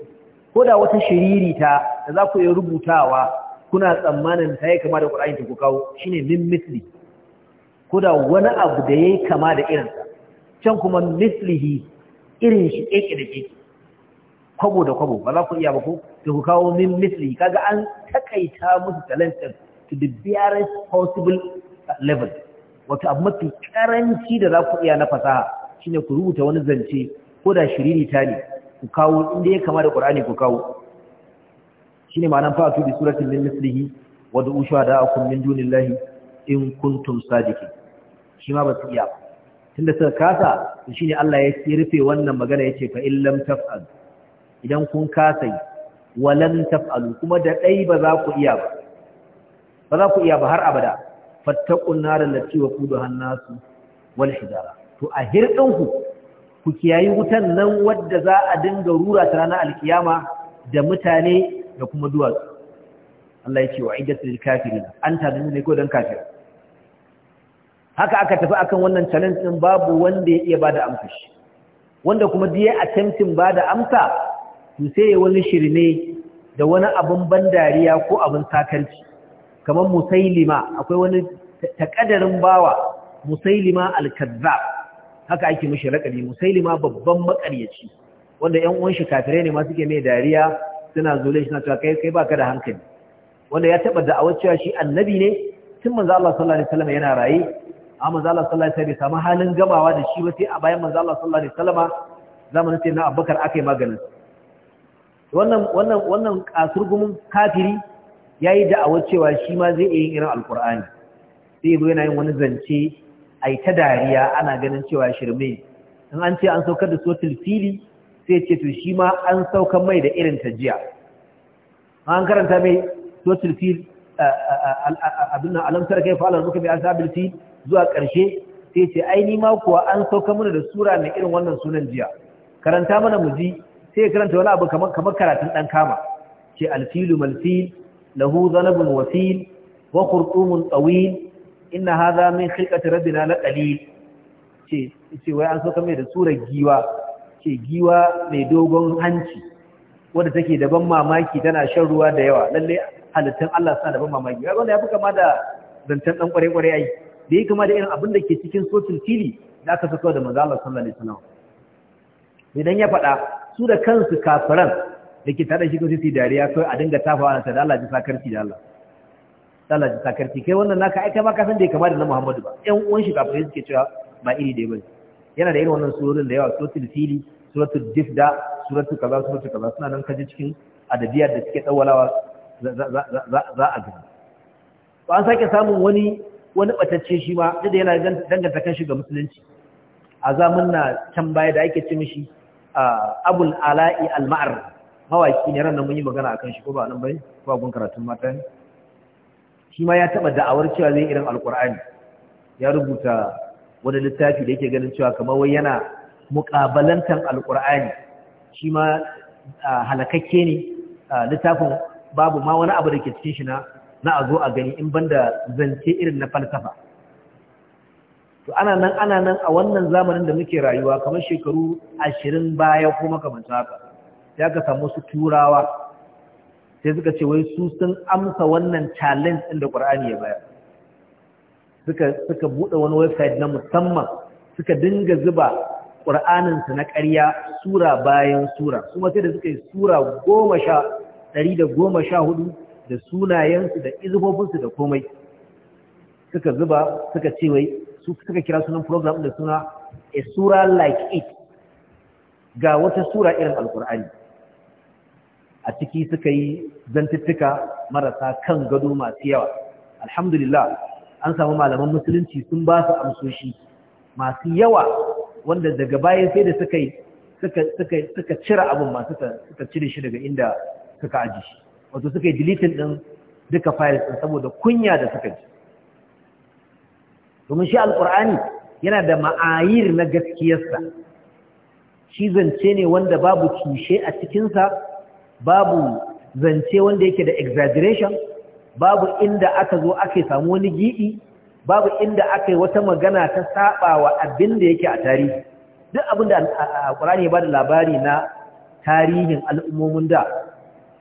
ko da wata shiririta da za ku iya rubutawa kuna tsammanin ta yi kama da ƙura'in ta ku kawo shi ne min misli ko da wani abu da ya yi kama da irinsa can kuma mislihi irin shi ƙeƙe da ƙeƙe kwabo da kwabo ba za ku iya ba ku da ku kawo min mislihi kaga an takaita musu talentin to the barest possible level wata abu mafi karanci da za ku iya na fasaha shine ku rubuta wani zance ko da shiriri ta ne ku kawo inda ya kama da ƙwar'ani ku kawo shine ma'anar fatu bi suratin min mislihi wa du'u shuhada'akum min dunillahi in kuntum sadiqin shi ba su iya tunda suka kasa to shine Allah ya rufe wannan magana yace fa in lam taf'al idan kun kasa wa lan taf'alu kuma da dai ba za ku iya ba ba za ku iya ba har abada fattaqun nar allati waqudaha an wal hijara to a hirdin ku ku kiyayi wutan nan wadda za a dinga rura ta ranar alkiyama da mutane da kuma duwatsu Allah ya ce wa iddat lil kafirin an tanu ne ko dan kafir haka aka tafi akan wannan challenge din babu wanda ya iya bada amsa wanda kuma da attempting bada amsa to sai ya wani shirme da wani abun bandariya ko abun sakarci kamar musailima akwai wani takadarin bawa musailima al-kazzab haka ake mishi lakali musailima babban makaryaci wanda ƴan uwan shi kafirai ne ma suke mai dariya suna zule shi na cewa kai kai baka da hankali wanda ya taba da'awar cewa shi annabi ne tun manzo Allah sallallahu alaihi wasallam yana raye amma manzo Allah sallallahu alaihi wasallam bai samu halin gamawa da shi ba sai a bayan manzo Allah sallallahu alaihi wasallam zamanin sai na Abubakar akai maganin wannan wannan wannan kasurgumin kafiri yayi da'awar cewa shi ma zai yi irin alqur'ani sai zo yana yin wani zance ai ta dariya ana ganin cewa shirme in an ce an saukar da sotul fili sai ce to shi ma an sauka mai da irin ta jiya an karanta mai total abin nan alamsar kai fa'ala zuka bi asabil fil zuwa ƙarshe sai ce ai ni ma kuwa an sauka mana da sura mai irin wannan sunan jiya karanta mana mu ji sai karanta wani abu kamar kamar karatun dan kama ce alfilu malfil lahu zanabun wasil wa qurtumun tawil inna hadha min khilqati rabbina la qalil ce ce wai an sauka mai da surar giwa ke giwa mai dogon hanci wadda take da ban mamaki tana shan ruwa da yawa lalle halittun Allah sa da ban mamaki ya wanda ya fi kama da zancen dan kware-kware ai da yi kama da irin abin da ke cikin sotin fili da aka fito da manzo Allah sallallahu alaihi wasallam idan ya faɗa su da kansu kafiran da ke tada shi ko sai dariya kai a dinga tafawa na ta da Allah ji sakarci da Allah Allah ji sakarci kai wannan naka ai kai ma ka san da kama da na Muhammadu ba ƴan uwan shi kafirai suke cewa ba iri da bane yana da irin wannan surorin da yawa suratul fili suratul difda suratul kaza suratul kaza suna nan kaje cikin adabiyar da suke dawalawa za a gani ba an sake samun wani wani batacce shi ma da yana danganta kanshi ga musulunci a zamun na can baya da ake ce mishi abul ala'i alma'ar maar mawaki ne ran nan mun yi magana akan shi ko ba nan bai ko gun karatun mata ne shi ma ya taba da'awar cewa zai irin alqur'ani ya rubuta wani littafi da yake ganin cewa kamar wai yana muƙabalantar alƙur'ani shi ma halakakke ne littafin babu ma wani abu da ke cikin shi na na a zo a gani in banda zance irin na falsafa to ana nan ana nan a wannan zamanin da muke rayuwa kamar shekaru ashirin baya ko makamanta haka sai aka samu su turawa sai suka ce wai su sun amsa wannan challenge ɗin da ƙur'ani ya bayar suka suka bude wani website na musamman suka dinga zuba Qur'anin su na ƙarya sura bayan sura kuma sai da suka yi sura 10 da sunayensu da su da komai suka zuba suka ce wai suka kira sunan program da suna a sura like it ga wata sura irin alkur'ani a ciki suka yi zantuttuka marasa kan gado masu yawa alhamdulillah an samu malaman musulunci sun ba su amsoshi masu yawa wanda daga baya sai da suka suka cire abin masu suka cire shi daga inda suka aji shi wato suka yi deleting din duka files din saboda kunya da suka ji domin shi alqur'ani yana da ma'ayir na gaskiyarsa shi zance ne wanda babu cushe a cikinsa babu zance wanda yake da exaggeration babu inda aka zo aka samu wani giɗi. babu inda aka yi wata magana ta saba wa abin da yake a tarihi duk abin da alƙur'ani ya ba labari na tarihin al'ummomin da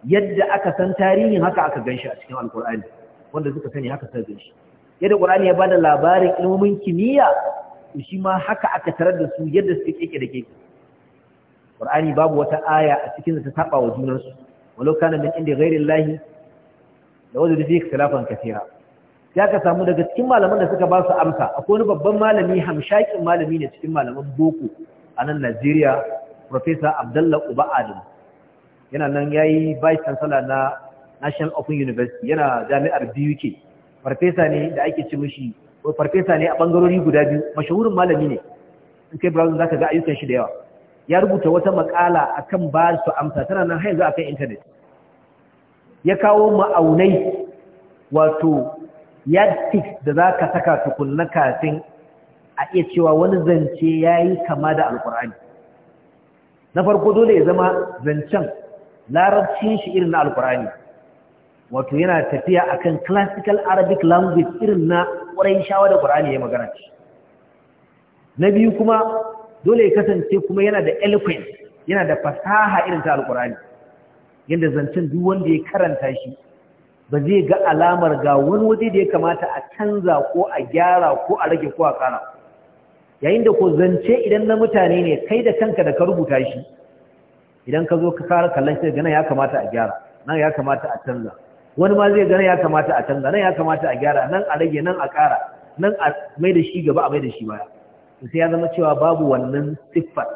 yadda aka san tarihin haka aka ganshi a cikin alƙur'ani wanda suka sani haka sai ganshi yadda ƙur'ani ya bada da labarin ilmomin kimiyya shi ma haka aka tarar da su yadda suka keke da keke ƙur'ani babu wata aya a cikin da ta saba wa junansu walau kana min inda ghairillahi da wajen da fiye ikhtilafan kathira ya ka samu daga cikin malaman da suka ba su amsa akwai wani babban malami hamshakin malami ne cikin malaman boko a nan Najeriya Professor Abdullah Uba Adam yana nan yayi vice chancellor na National Open University yana jami'ar BUK farfesa ne da ake ci mishi ko farfesa ne a bangarori guda biyu mashahurin malami ne in kai za zaka ga ayyukan shi da yawa ya rubuta wata makala akan ba su amsa tana nan har yanzu akan intanet. ya kawo ma'aunai wato yardstick da za ka saka tukunna kafin a iya cewa wani zance ya yi kama da alkur'ani na farko dole ya zama zancen larabcin shi irin na alkur'ani wato yana tafiya a kan classical arabic language irin na ƙwarai shawa da ƙwarai ya magana ce na biyu kuma dole ya kasance kuma yana da eloquence yana da fasaha irin ta alkur'ani yadda zancen duk wanda ya karanta shi ba zai ga alamar ga wani waje da ya kamata a canza ko a gyara ko a rage ko a kara yayin da ko zance idan na mutane ne kai da kanka da ka rubuta shi idan ka zo ka kara kallon shi gana ya kamata a gyara nan ya kamata a canza wani ma zai gana ya kamata a canza nan ya kamata a gyara nan a rage nan a kara nan a mai da shi gaba a mai da shi baya sai ya zama cewa babu wannan siffar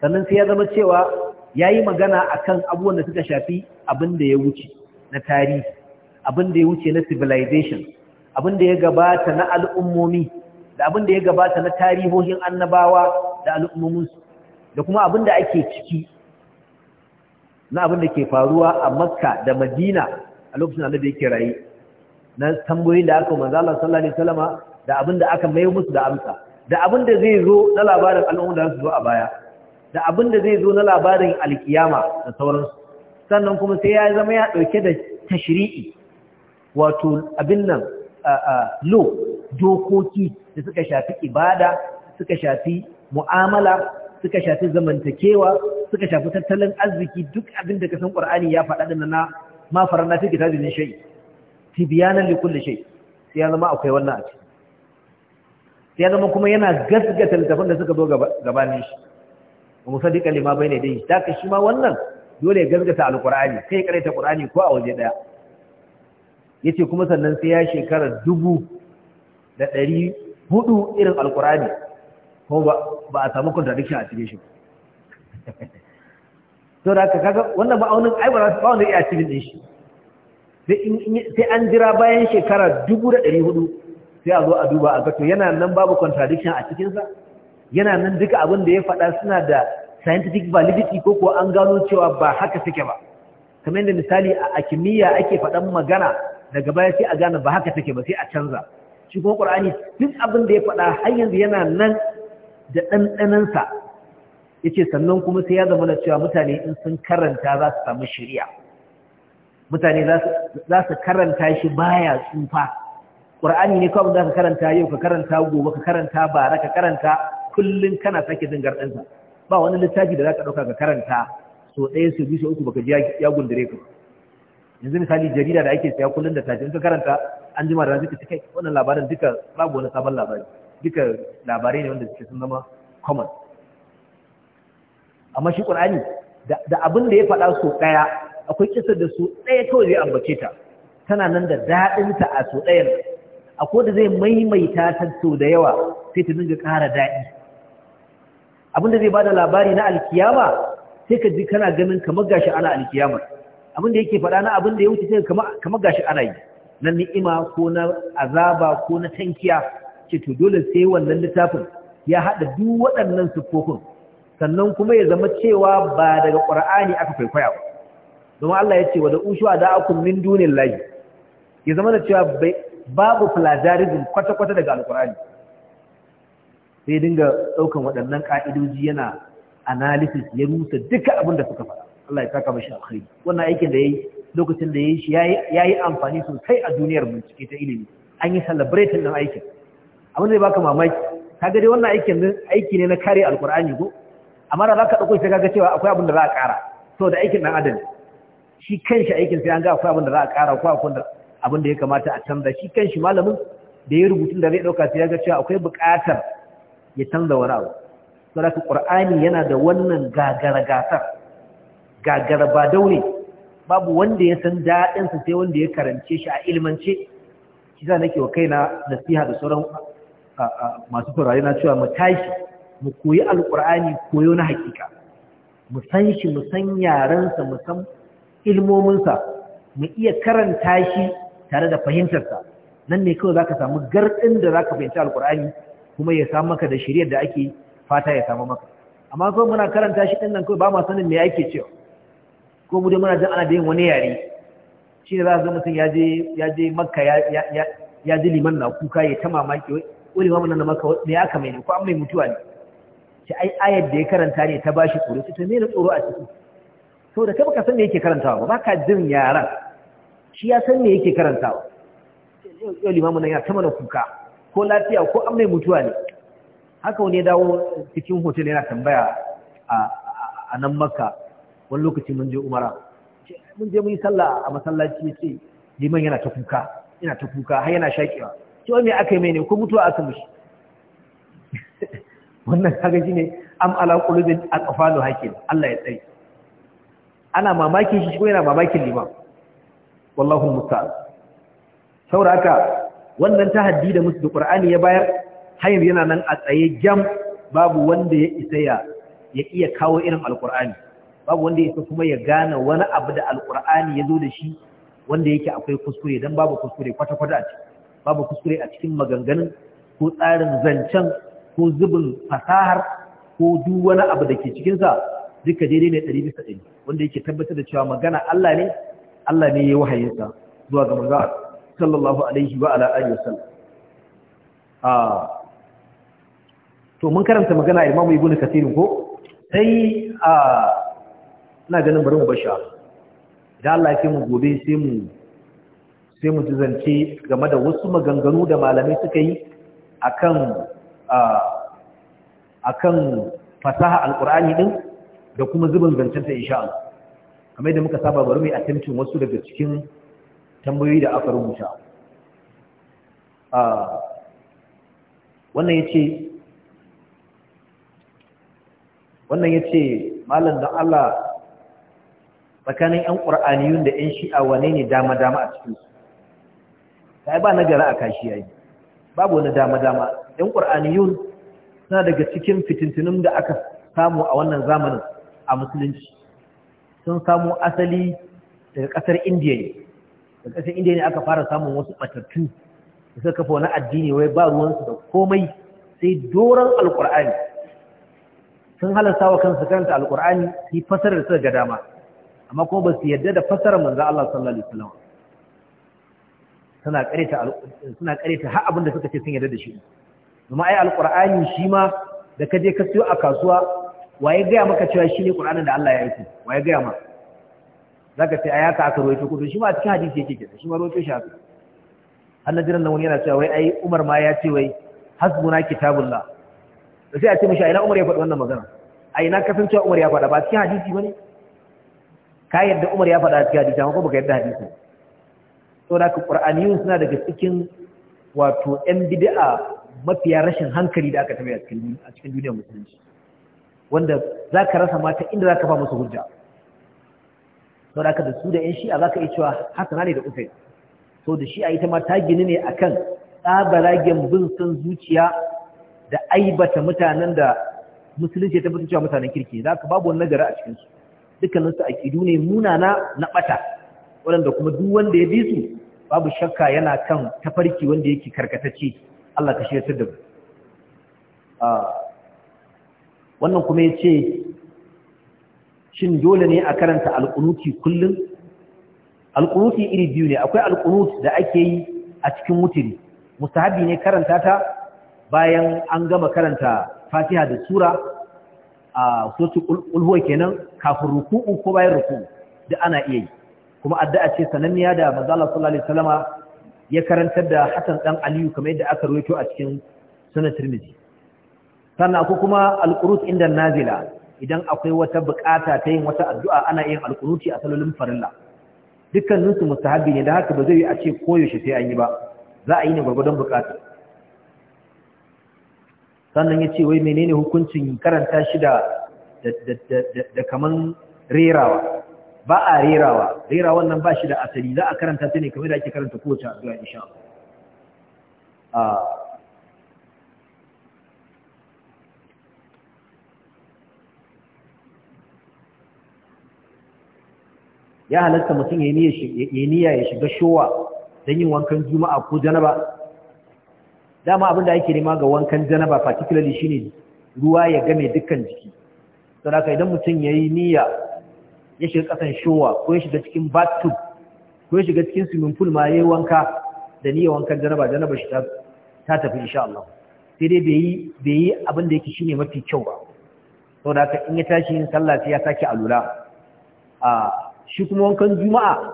sannan sai ya zama cewa ya yi magana a kan abubuwan da suka shafi abin da ya wuce na tarihi abin da ya wuce na civilization abin da ya gabata na al'ummomi da abin da ya gabata na tarihohin annabawa da al'ummominsu da kuma abin da ake ciki na abin da ke faruwa a makka da madina a lokacin da da yake raye, na tambayoyin da aka manzo Allah sallallahu alaihi wasallama da abin da aka mai musu da amsa da abin da zai zo na labarin al'ummomin da su zo a baya da abin da zai zo na labarin alkiyama da sauransu sannan kuma sai ya zama ya ɗauke da tashiri'i, wato abin nan lo dokoki da suka shafi ibada suka shafi mu'amala suka shafi zamantakewa suka shafi tattalin arziki duk abin da ka san ƙwar'ani ya faɗa na ma farana fi kitabin shai tibiyanan likul da shai sai ya zama akwai wannan a ciki sai ya zama kuma yana gasgata littafin da suka zo gabanin shi wa musaddiqan lima bayna yadayhi haka shi ma wannan dole ya gaskata alqur'ani sai kare ta qur'ani ko a waje daya yace kuma sannan sai ya shekara dubu da ɗari hudu irin alqur'ani ko ba a samu contradiction a cikin shi to da ka kaga wannan ba aunin ai ba za su ba wannan iya cikin din shi sai an jira bayan shekara dubu da ɗari hudu sai a zo a duba a ga to yana nan babu contradiction a cikinsa yana nan duka abin da ya faɗa suna da scientific validity ko ko an gano cewa ba haka suke ba kamar yadda misali a kimiyya ake faɗan magana daga baya sai a gane ba haka take ba sai a canza shi kuma ƙur'ani duk abin da ya faɗa har yanzu yana nan da ɗanɗanansa ya ce sannan kuma sai ya zama da cewa mutane in sun karanta za su samu shirya mutane za su karanta shi baya tsufa ƙur'ani ne kawai za ka karanta yau ka karanta gobe ka karanta bara ka karanta kullum kana sake jin gardansa ba wani littafi da za ka ɗauka ka karanta so ɗaya su biyu su uku baka ji ya gundure ka yanzu misali jarida da ake saya kullum da tashi in ka karanta an jima da rana duka wannan labarin duka babu wani sabon labari duka labarai ne wanda suke sun zama common amma shi ƙur'ani da abin da ya faɗa so ɗaya akwai kisar da su ɗaya kawai zai ambace ta tana nan da daɗinta a so ɗayan akwai da zai maimaita ta so da yawa sai ta dinga ƙara daɗi abinda zai bada labari na alkiyama sai ka ji kana ganin kamar gashi ana alkiyamar abinda yake faɗa na abinda ya wuce sai kamar gashi ana yi na ni'ima ko na azaba ko na tankiya ce to dole sai wannan littafin ya haɗa duk waɗannan siffofin sannan kuma ya zama cewa ba daga ƙur'ani aka kwaikwaya ba domin Allah ya ce wa da ushuwa da akun min dunin layi ya zama da cewa babu plagiarism kwata-kwata daga alƙur'ani sai dinga ɗaukan waɗannan ƙa'idoji yana analysis ya rusa duka abin da suka faɗa Allah ya saka mashi alkhairi wannan aikin da yayi lokacin da yayi shi yayi amfani sosai a duniyar bincike ta ilimi an yi celebrating din aikin abin da baka mamaki kaga dai wannan aikin aiki ne na kare alkur'ani ko amma da zaka dauko sai kaga cewa akwai abin da za a ƙara da aikin dan adam shi kanshi aikin sai an ga akwai abin da za a ƙara ko akwai abin da ya kamata a canza shi kanshi malamin da ya rubutun da zai dauka sai ya ga cewa akwai buƙatar ya canza wani abu ka qur'ani yana da wannan gagara gasar gagara ba daure babu wanda ya san daɗinsa sai wanda ya karance shi a ilmance za nake wa kai na nasiha da sauran masu furare na cewa mu tashi mu koyi alqur'ani koyo na hakika mu san shi mu san yarensa mu san ilmominsa mu iya karanta shi tare da fahimtarsa nan ne kawai za ka samu gardin da za ka fahimci alqur'ani kuma ya samu maka da shirye da ake fata ya samu maka amma ko muna karanta shi din nan kawai ba ma sanin me yake cewa ko mu dai muna jin ana da yin wani yare shi ne za ga mutum ya je ya je makka ya ya ya ji liman na kuka ya ta mamaki wani ma nan maka me ya kama ne ko an mai mutuwa ne shi ai ayar da ya karanta ne ta bashi tsoro to ne na tsoro a ciki to da kai baka san me yake karantawa ba ka jin yaran shi ya san me yake karantawa yau limamin nan ya ta mana kuka ko lafiya ko an mai mutuwa ne haka wani dawo cikin hotel yana tambaya a nan maka wani lokaci mun je umara mun je mun yi sallah a masallaci ce liman yana ta kuka yana ta kuka har yana shakewa cewa me aka yi mai ne ko mutuwa aka mushi? wannan kaga shine am ala qulubin aqfalu hakin Allah ya tsare ana mamakin shi ko yana mamakin liman wallahu musta'an saboda haka wannan tahaddi da musu da Qur'ani ya bayar hanyar yana nan a tsaye jam babu wanda ya isa ya ya iya kawo irin alqur'ani babu wanda ya isa kuma ya gane wani abu da alqur'ani ya zo da shi wanda yake akwai kuskure dan babu kuskure kwata kwata a ciki babu kuskure a cikin maganganun ko tsarin zancen ko zubin fasahar ko duk wani abu da ke cikin sa duka daidai ne 100% wanda yake tabbatar da cewa magana Allah ne Allah ne ya yi wahayinsa zuwa ga manzo sallallahu alaihi wa ala alihi wasallam ah to mun karanta magana imamu Ibn Kathir ko sai a ina ganin bari mu basha da Allah ya ke mu gobe sai mu sai mu zance game da wasu maganganu da malamai suka yi akan akan fasaha alqur'ani din da kuma zubin zancen ta insha Allah kamar yadda muka saba bari mu yi attention wasu daga cikin tambayoyi da aka rubuta wannan ya ce wannan ya ce da Allah tsakanin 'yan ƙur'aniyun da 'yan shi'a wane ne dama-dama a cikin ta yi ba nagara a kashi yayi babu wani dama-dama 'yan ƙur'aniyun suna daga cikin fitintunin da aka samu a wannan zamanin a musulunci sun samu asali daga ƙasar indiya ne da ƙasar inda ne aka fara samun wasu ɓatattu da suka kafa wani addini wai ba ruwansu da komai sai doron alƙur'ani sun halasta wa kansu karanta alƙur'ani su yi fasarar su ga dama amma kuma ba su yarda da fasarar manzo Allah sallallahu alaihi wasallam suna ƙareta suna har abin da suka ce sun yarda da shi amma ai alƙur'ani shi ma da ka je ka siyo a kasuwa waye gaya maka cewa shi ne ƙur'anin da Allah ya aiko waye gaya maka zaka sai ayaka aka rawaito kudu shi ma cikin hadisi yake kenan shi ma roƙe shi haka annabiran nan wani yana cewa wai ai Umar ma ya ce wai hasbuna kitabullah to sai a ce mishi na Umar ya faɗi wannan magana a ina kasancewa Umar ya faɗa ba cikin hadisi bane ka yadda Umar ya faɗa cikin hadisi amma ko baka yadda hadisi to da ka Qur'aniyun suna daga cikin wato ɗan bid'a mafiya rashin hankali da aka tabbata a cikin duniyar musulunci wanda zaka rasa mata inda zaka ba musu hujja sau da da su da 'yan shi'a za ka yi cewa hasana ne da usai so da shi'a ita ma ta gini ne a kan tsabaragen bin son zuciya da aibata mutanen da musulunci ta fito cewa mutanen kirki za ka babu wani nagara a cikinsu dukkaninsu a kidu ne munana na ɓata waɗanda kuma duk wanda ya bi su babu shakka yana kan tafarki wanda yake karkatacce Allah ka shirya da mu ah, wannan kuma ya ce shin dole ne a karanta alƙunuti kullum alƙunuti iri biyu ne akwai alƙunut da ake yi a cikin wutiri mustahabi ne karanta ta bayan an gama karanta fatiha da sura a sotu ulhuwa kenan kafin ruku'u ko bayan ruku'u da ana iya yi kuma addu'a ce sananniya da manzo sallallahu alaihi salama ya karantar da Hassan dan Aliyu kamar yadda aka rawaito a cikin sunan Tirmidhi sannan akwai kuma alqurut inda nazila idan akwai wata bukata ta yin wata addu'a ana yin alkunuti a salolin farilla dukkaninsu mustahabi ne da haka ba zai yi a ce koyaushe sai an yi ba za a yi ne gwargwadon bukata sannan ya ce wai menene hukuncin karanta shi da kaman rerawa ba a rerawa rerawan nan ba shi da asali za a karanta ta ne kamar da ake karanta kowace addu'a insha Allah ah, ya halatta mutum ya yi niyya ya shiga showa don yin wankan juma'a ko janaba dama abinda ake nema ga wankan janaba particularly shine ruwa ya game dukkan jiki saboda idan mutum ya yi niyya ya shiga kasan showa ko ya shiga cikin bathtub ko ya shiga cikin swimming pool ma ya yi wanka da niyya wankan janaba janaba shi ta tafi insha Allah sai dai bai yi abin da yake shine mafi kyau ba saboda haka in ya tashi yin sallah sai ya sake alula a ah, shi kuma wankan juma'a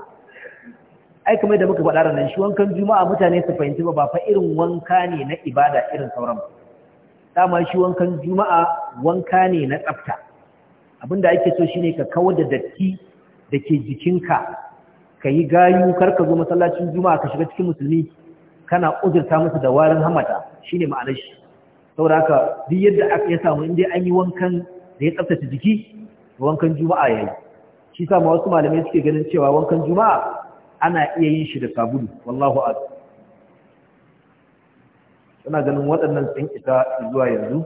ai kamar da muka faɗa ranar shi wankan juma'a mutane su fahimci ba fa irin wanka ne na ibada irin sauran dama shi wankan juma'a wanka ne na tsafta Abin da ake so shine ka kawar da datti da ke jikinka ka yi gayu kar ka zo masallacin juma'a ka shiga cikin musulmi kana uzurta musu da warin hamata shine ma'anar shi saboda haka duk yadda aka yi samu in dai an yi wankan da ya tsaftace jiki wankan juma'a ya yi. shi sa wasu malamai suke ganin cewa wankan juma'a ana iya yin shi da sabulu wallahu a'lam suna ganin waɗannan sun isa zuwa yanzu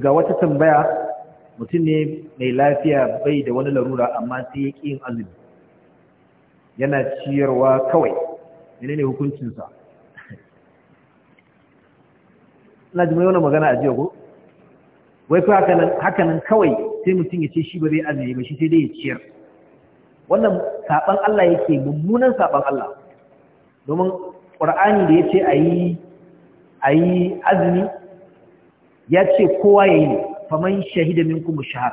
ga wata tambaya mutum ne mai lafiya bai da wani larura amma sai ya ƙi yin azumi yana ciyarwa kawai menene hukuncinsa suna jima'i wani magana a jiya ko wai ko haka nan kawai sai mutum ya ce shi ba zai azumi ba shi sai dai ya ciyar wannan saban Allah yake mummunan saban Allah domin Qur'ani da ya ce ayi ayi azumi ya ce kowa yayi ne faman shahida minkum shahar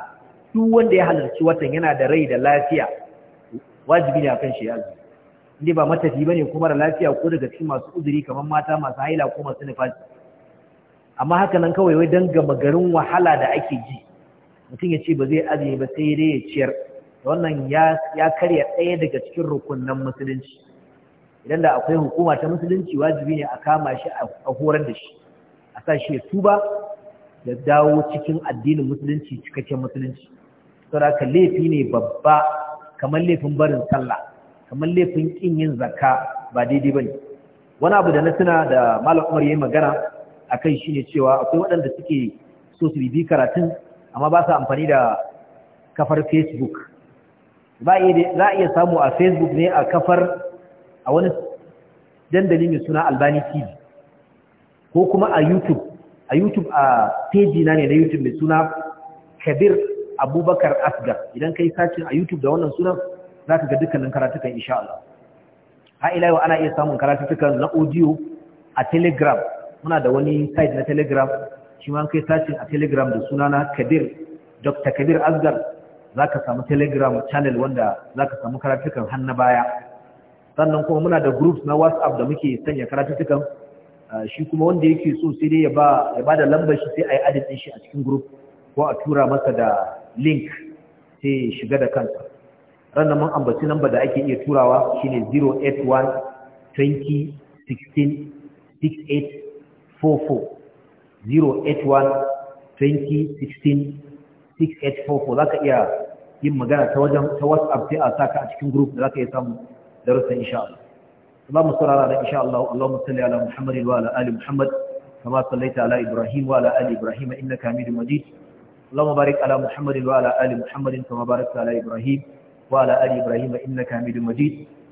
duk wanda ya halarci watan yana da rai da lafiya wajibi ne akan shi azumi inda ba matafi bane kuma da lafiya ko daga cikin masu uzuri kamar mata masu haila ko masu nifasi amma haka nan kawai wai don gama garin wahala da ake ji mutum ya ce ba zai ajiye ba sai dai ya ciyar wannan ya karya ɗaya daga cikin rukunan musulunci idan da akwai hukuma ta musulunci wajibi ne a kama shi a horar da shi a sa shi ya tuba ya dawo cikin addinin musulunci cikakken musulunci saboda laifi ne babba kamar laifin barin sallah kamar laifin kin yin zakka ba daidai bane wani abu da na tuna da malam Umar yayin magana kan shi ne cewa akwai waɗanda suke so su bibi karatun amma ba su amfani da kafar facebook za a iya samu a facebook ne a kafar a wani dandali mai suna albani tv ko kuma a youtube a youtube a page na ne na youtube mai suna kabir abubakar asgar idan yi sacin a youtube da wannan sunan za ka ga dukkanin karatukan insha Allah ha ila yau ana iya samun karatukan na audio a telegram muna da wani site na telegram shi ma kai sacin a telegram da sunana kabir dr kabir azgar za ka samu telegram channel wanda za ka samu karatukan hannu baya sannan kuma muna da groups na whatsapp da muke sanya karatukan ah, shi kuma wanda yake so sai dai ya ba da lambar shi sai a yi adadin shi a cikin group ko a tura masa da link sai shiga da kansa ranar mun ambaci lambar da ake iya turawa shine 081 20 16 68 081-2016-6844 za ka iya yin magana ta wajen ta whatsapp sai a saka a cikin group da za ka iya samu darussan insha Allah da insha Allah Allahumma ala Muhammad wa ala ali Muhammad kama ala Ibrahim wa ala ali Ibrahim Majid ala Muhammad wa ala ali Muhammad kama ala Ibrahim wa ala ali Ibrahim Majid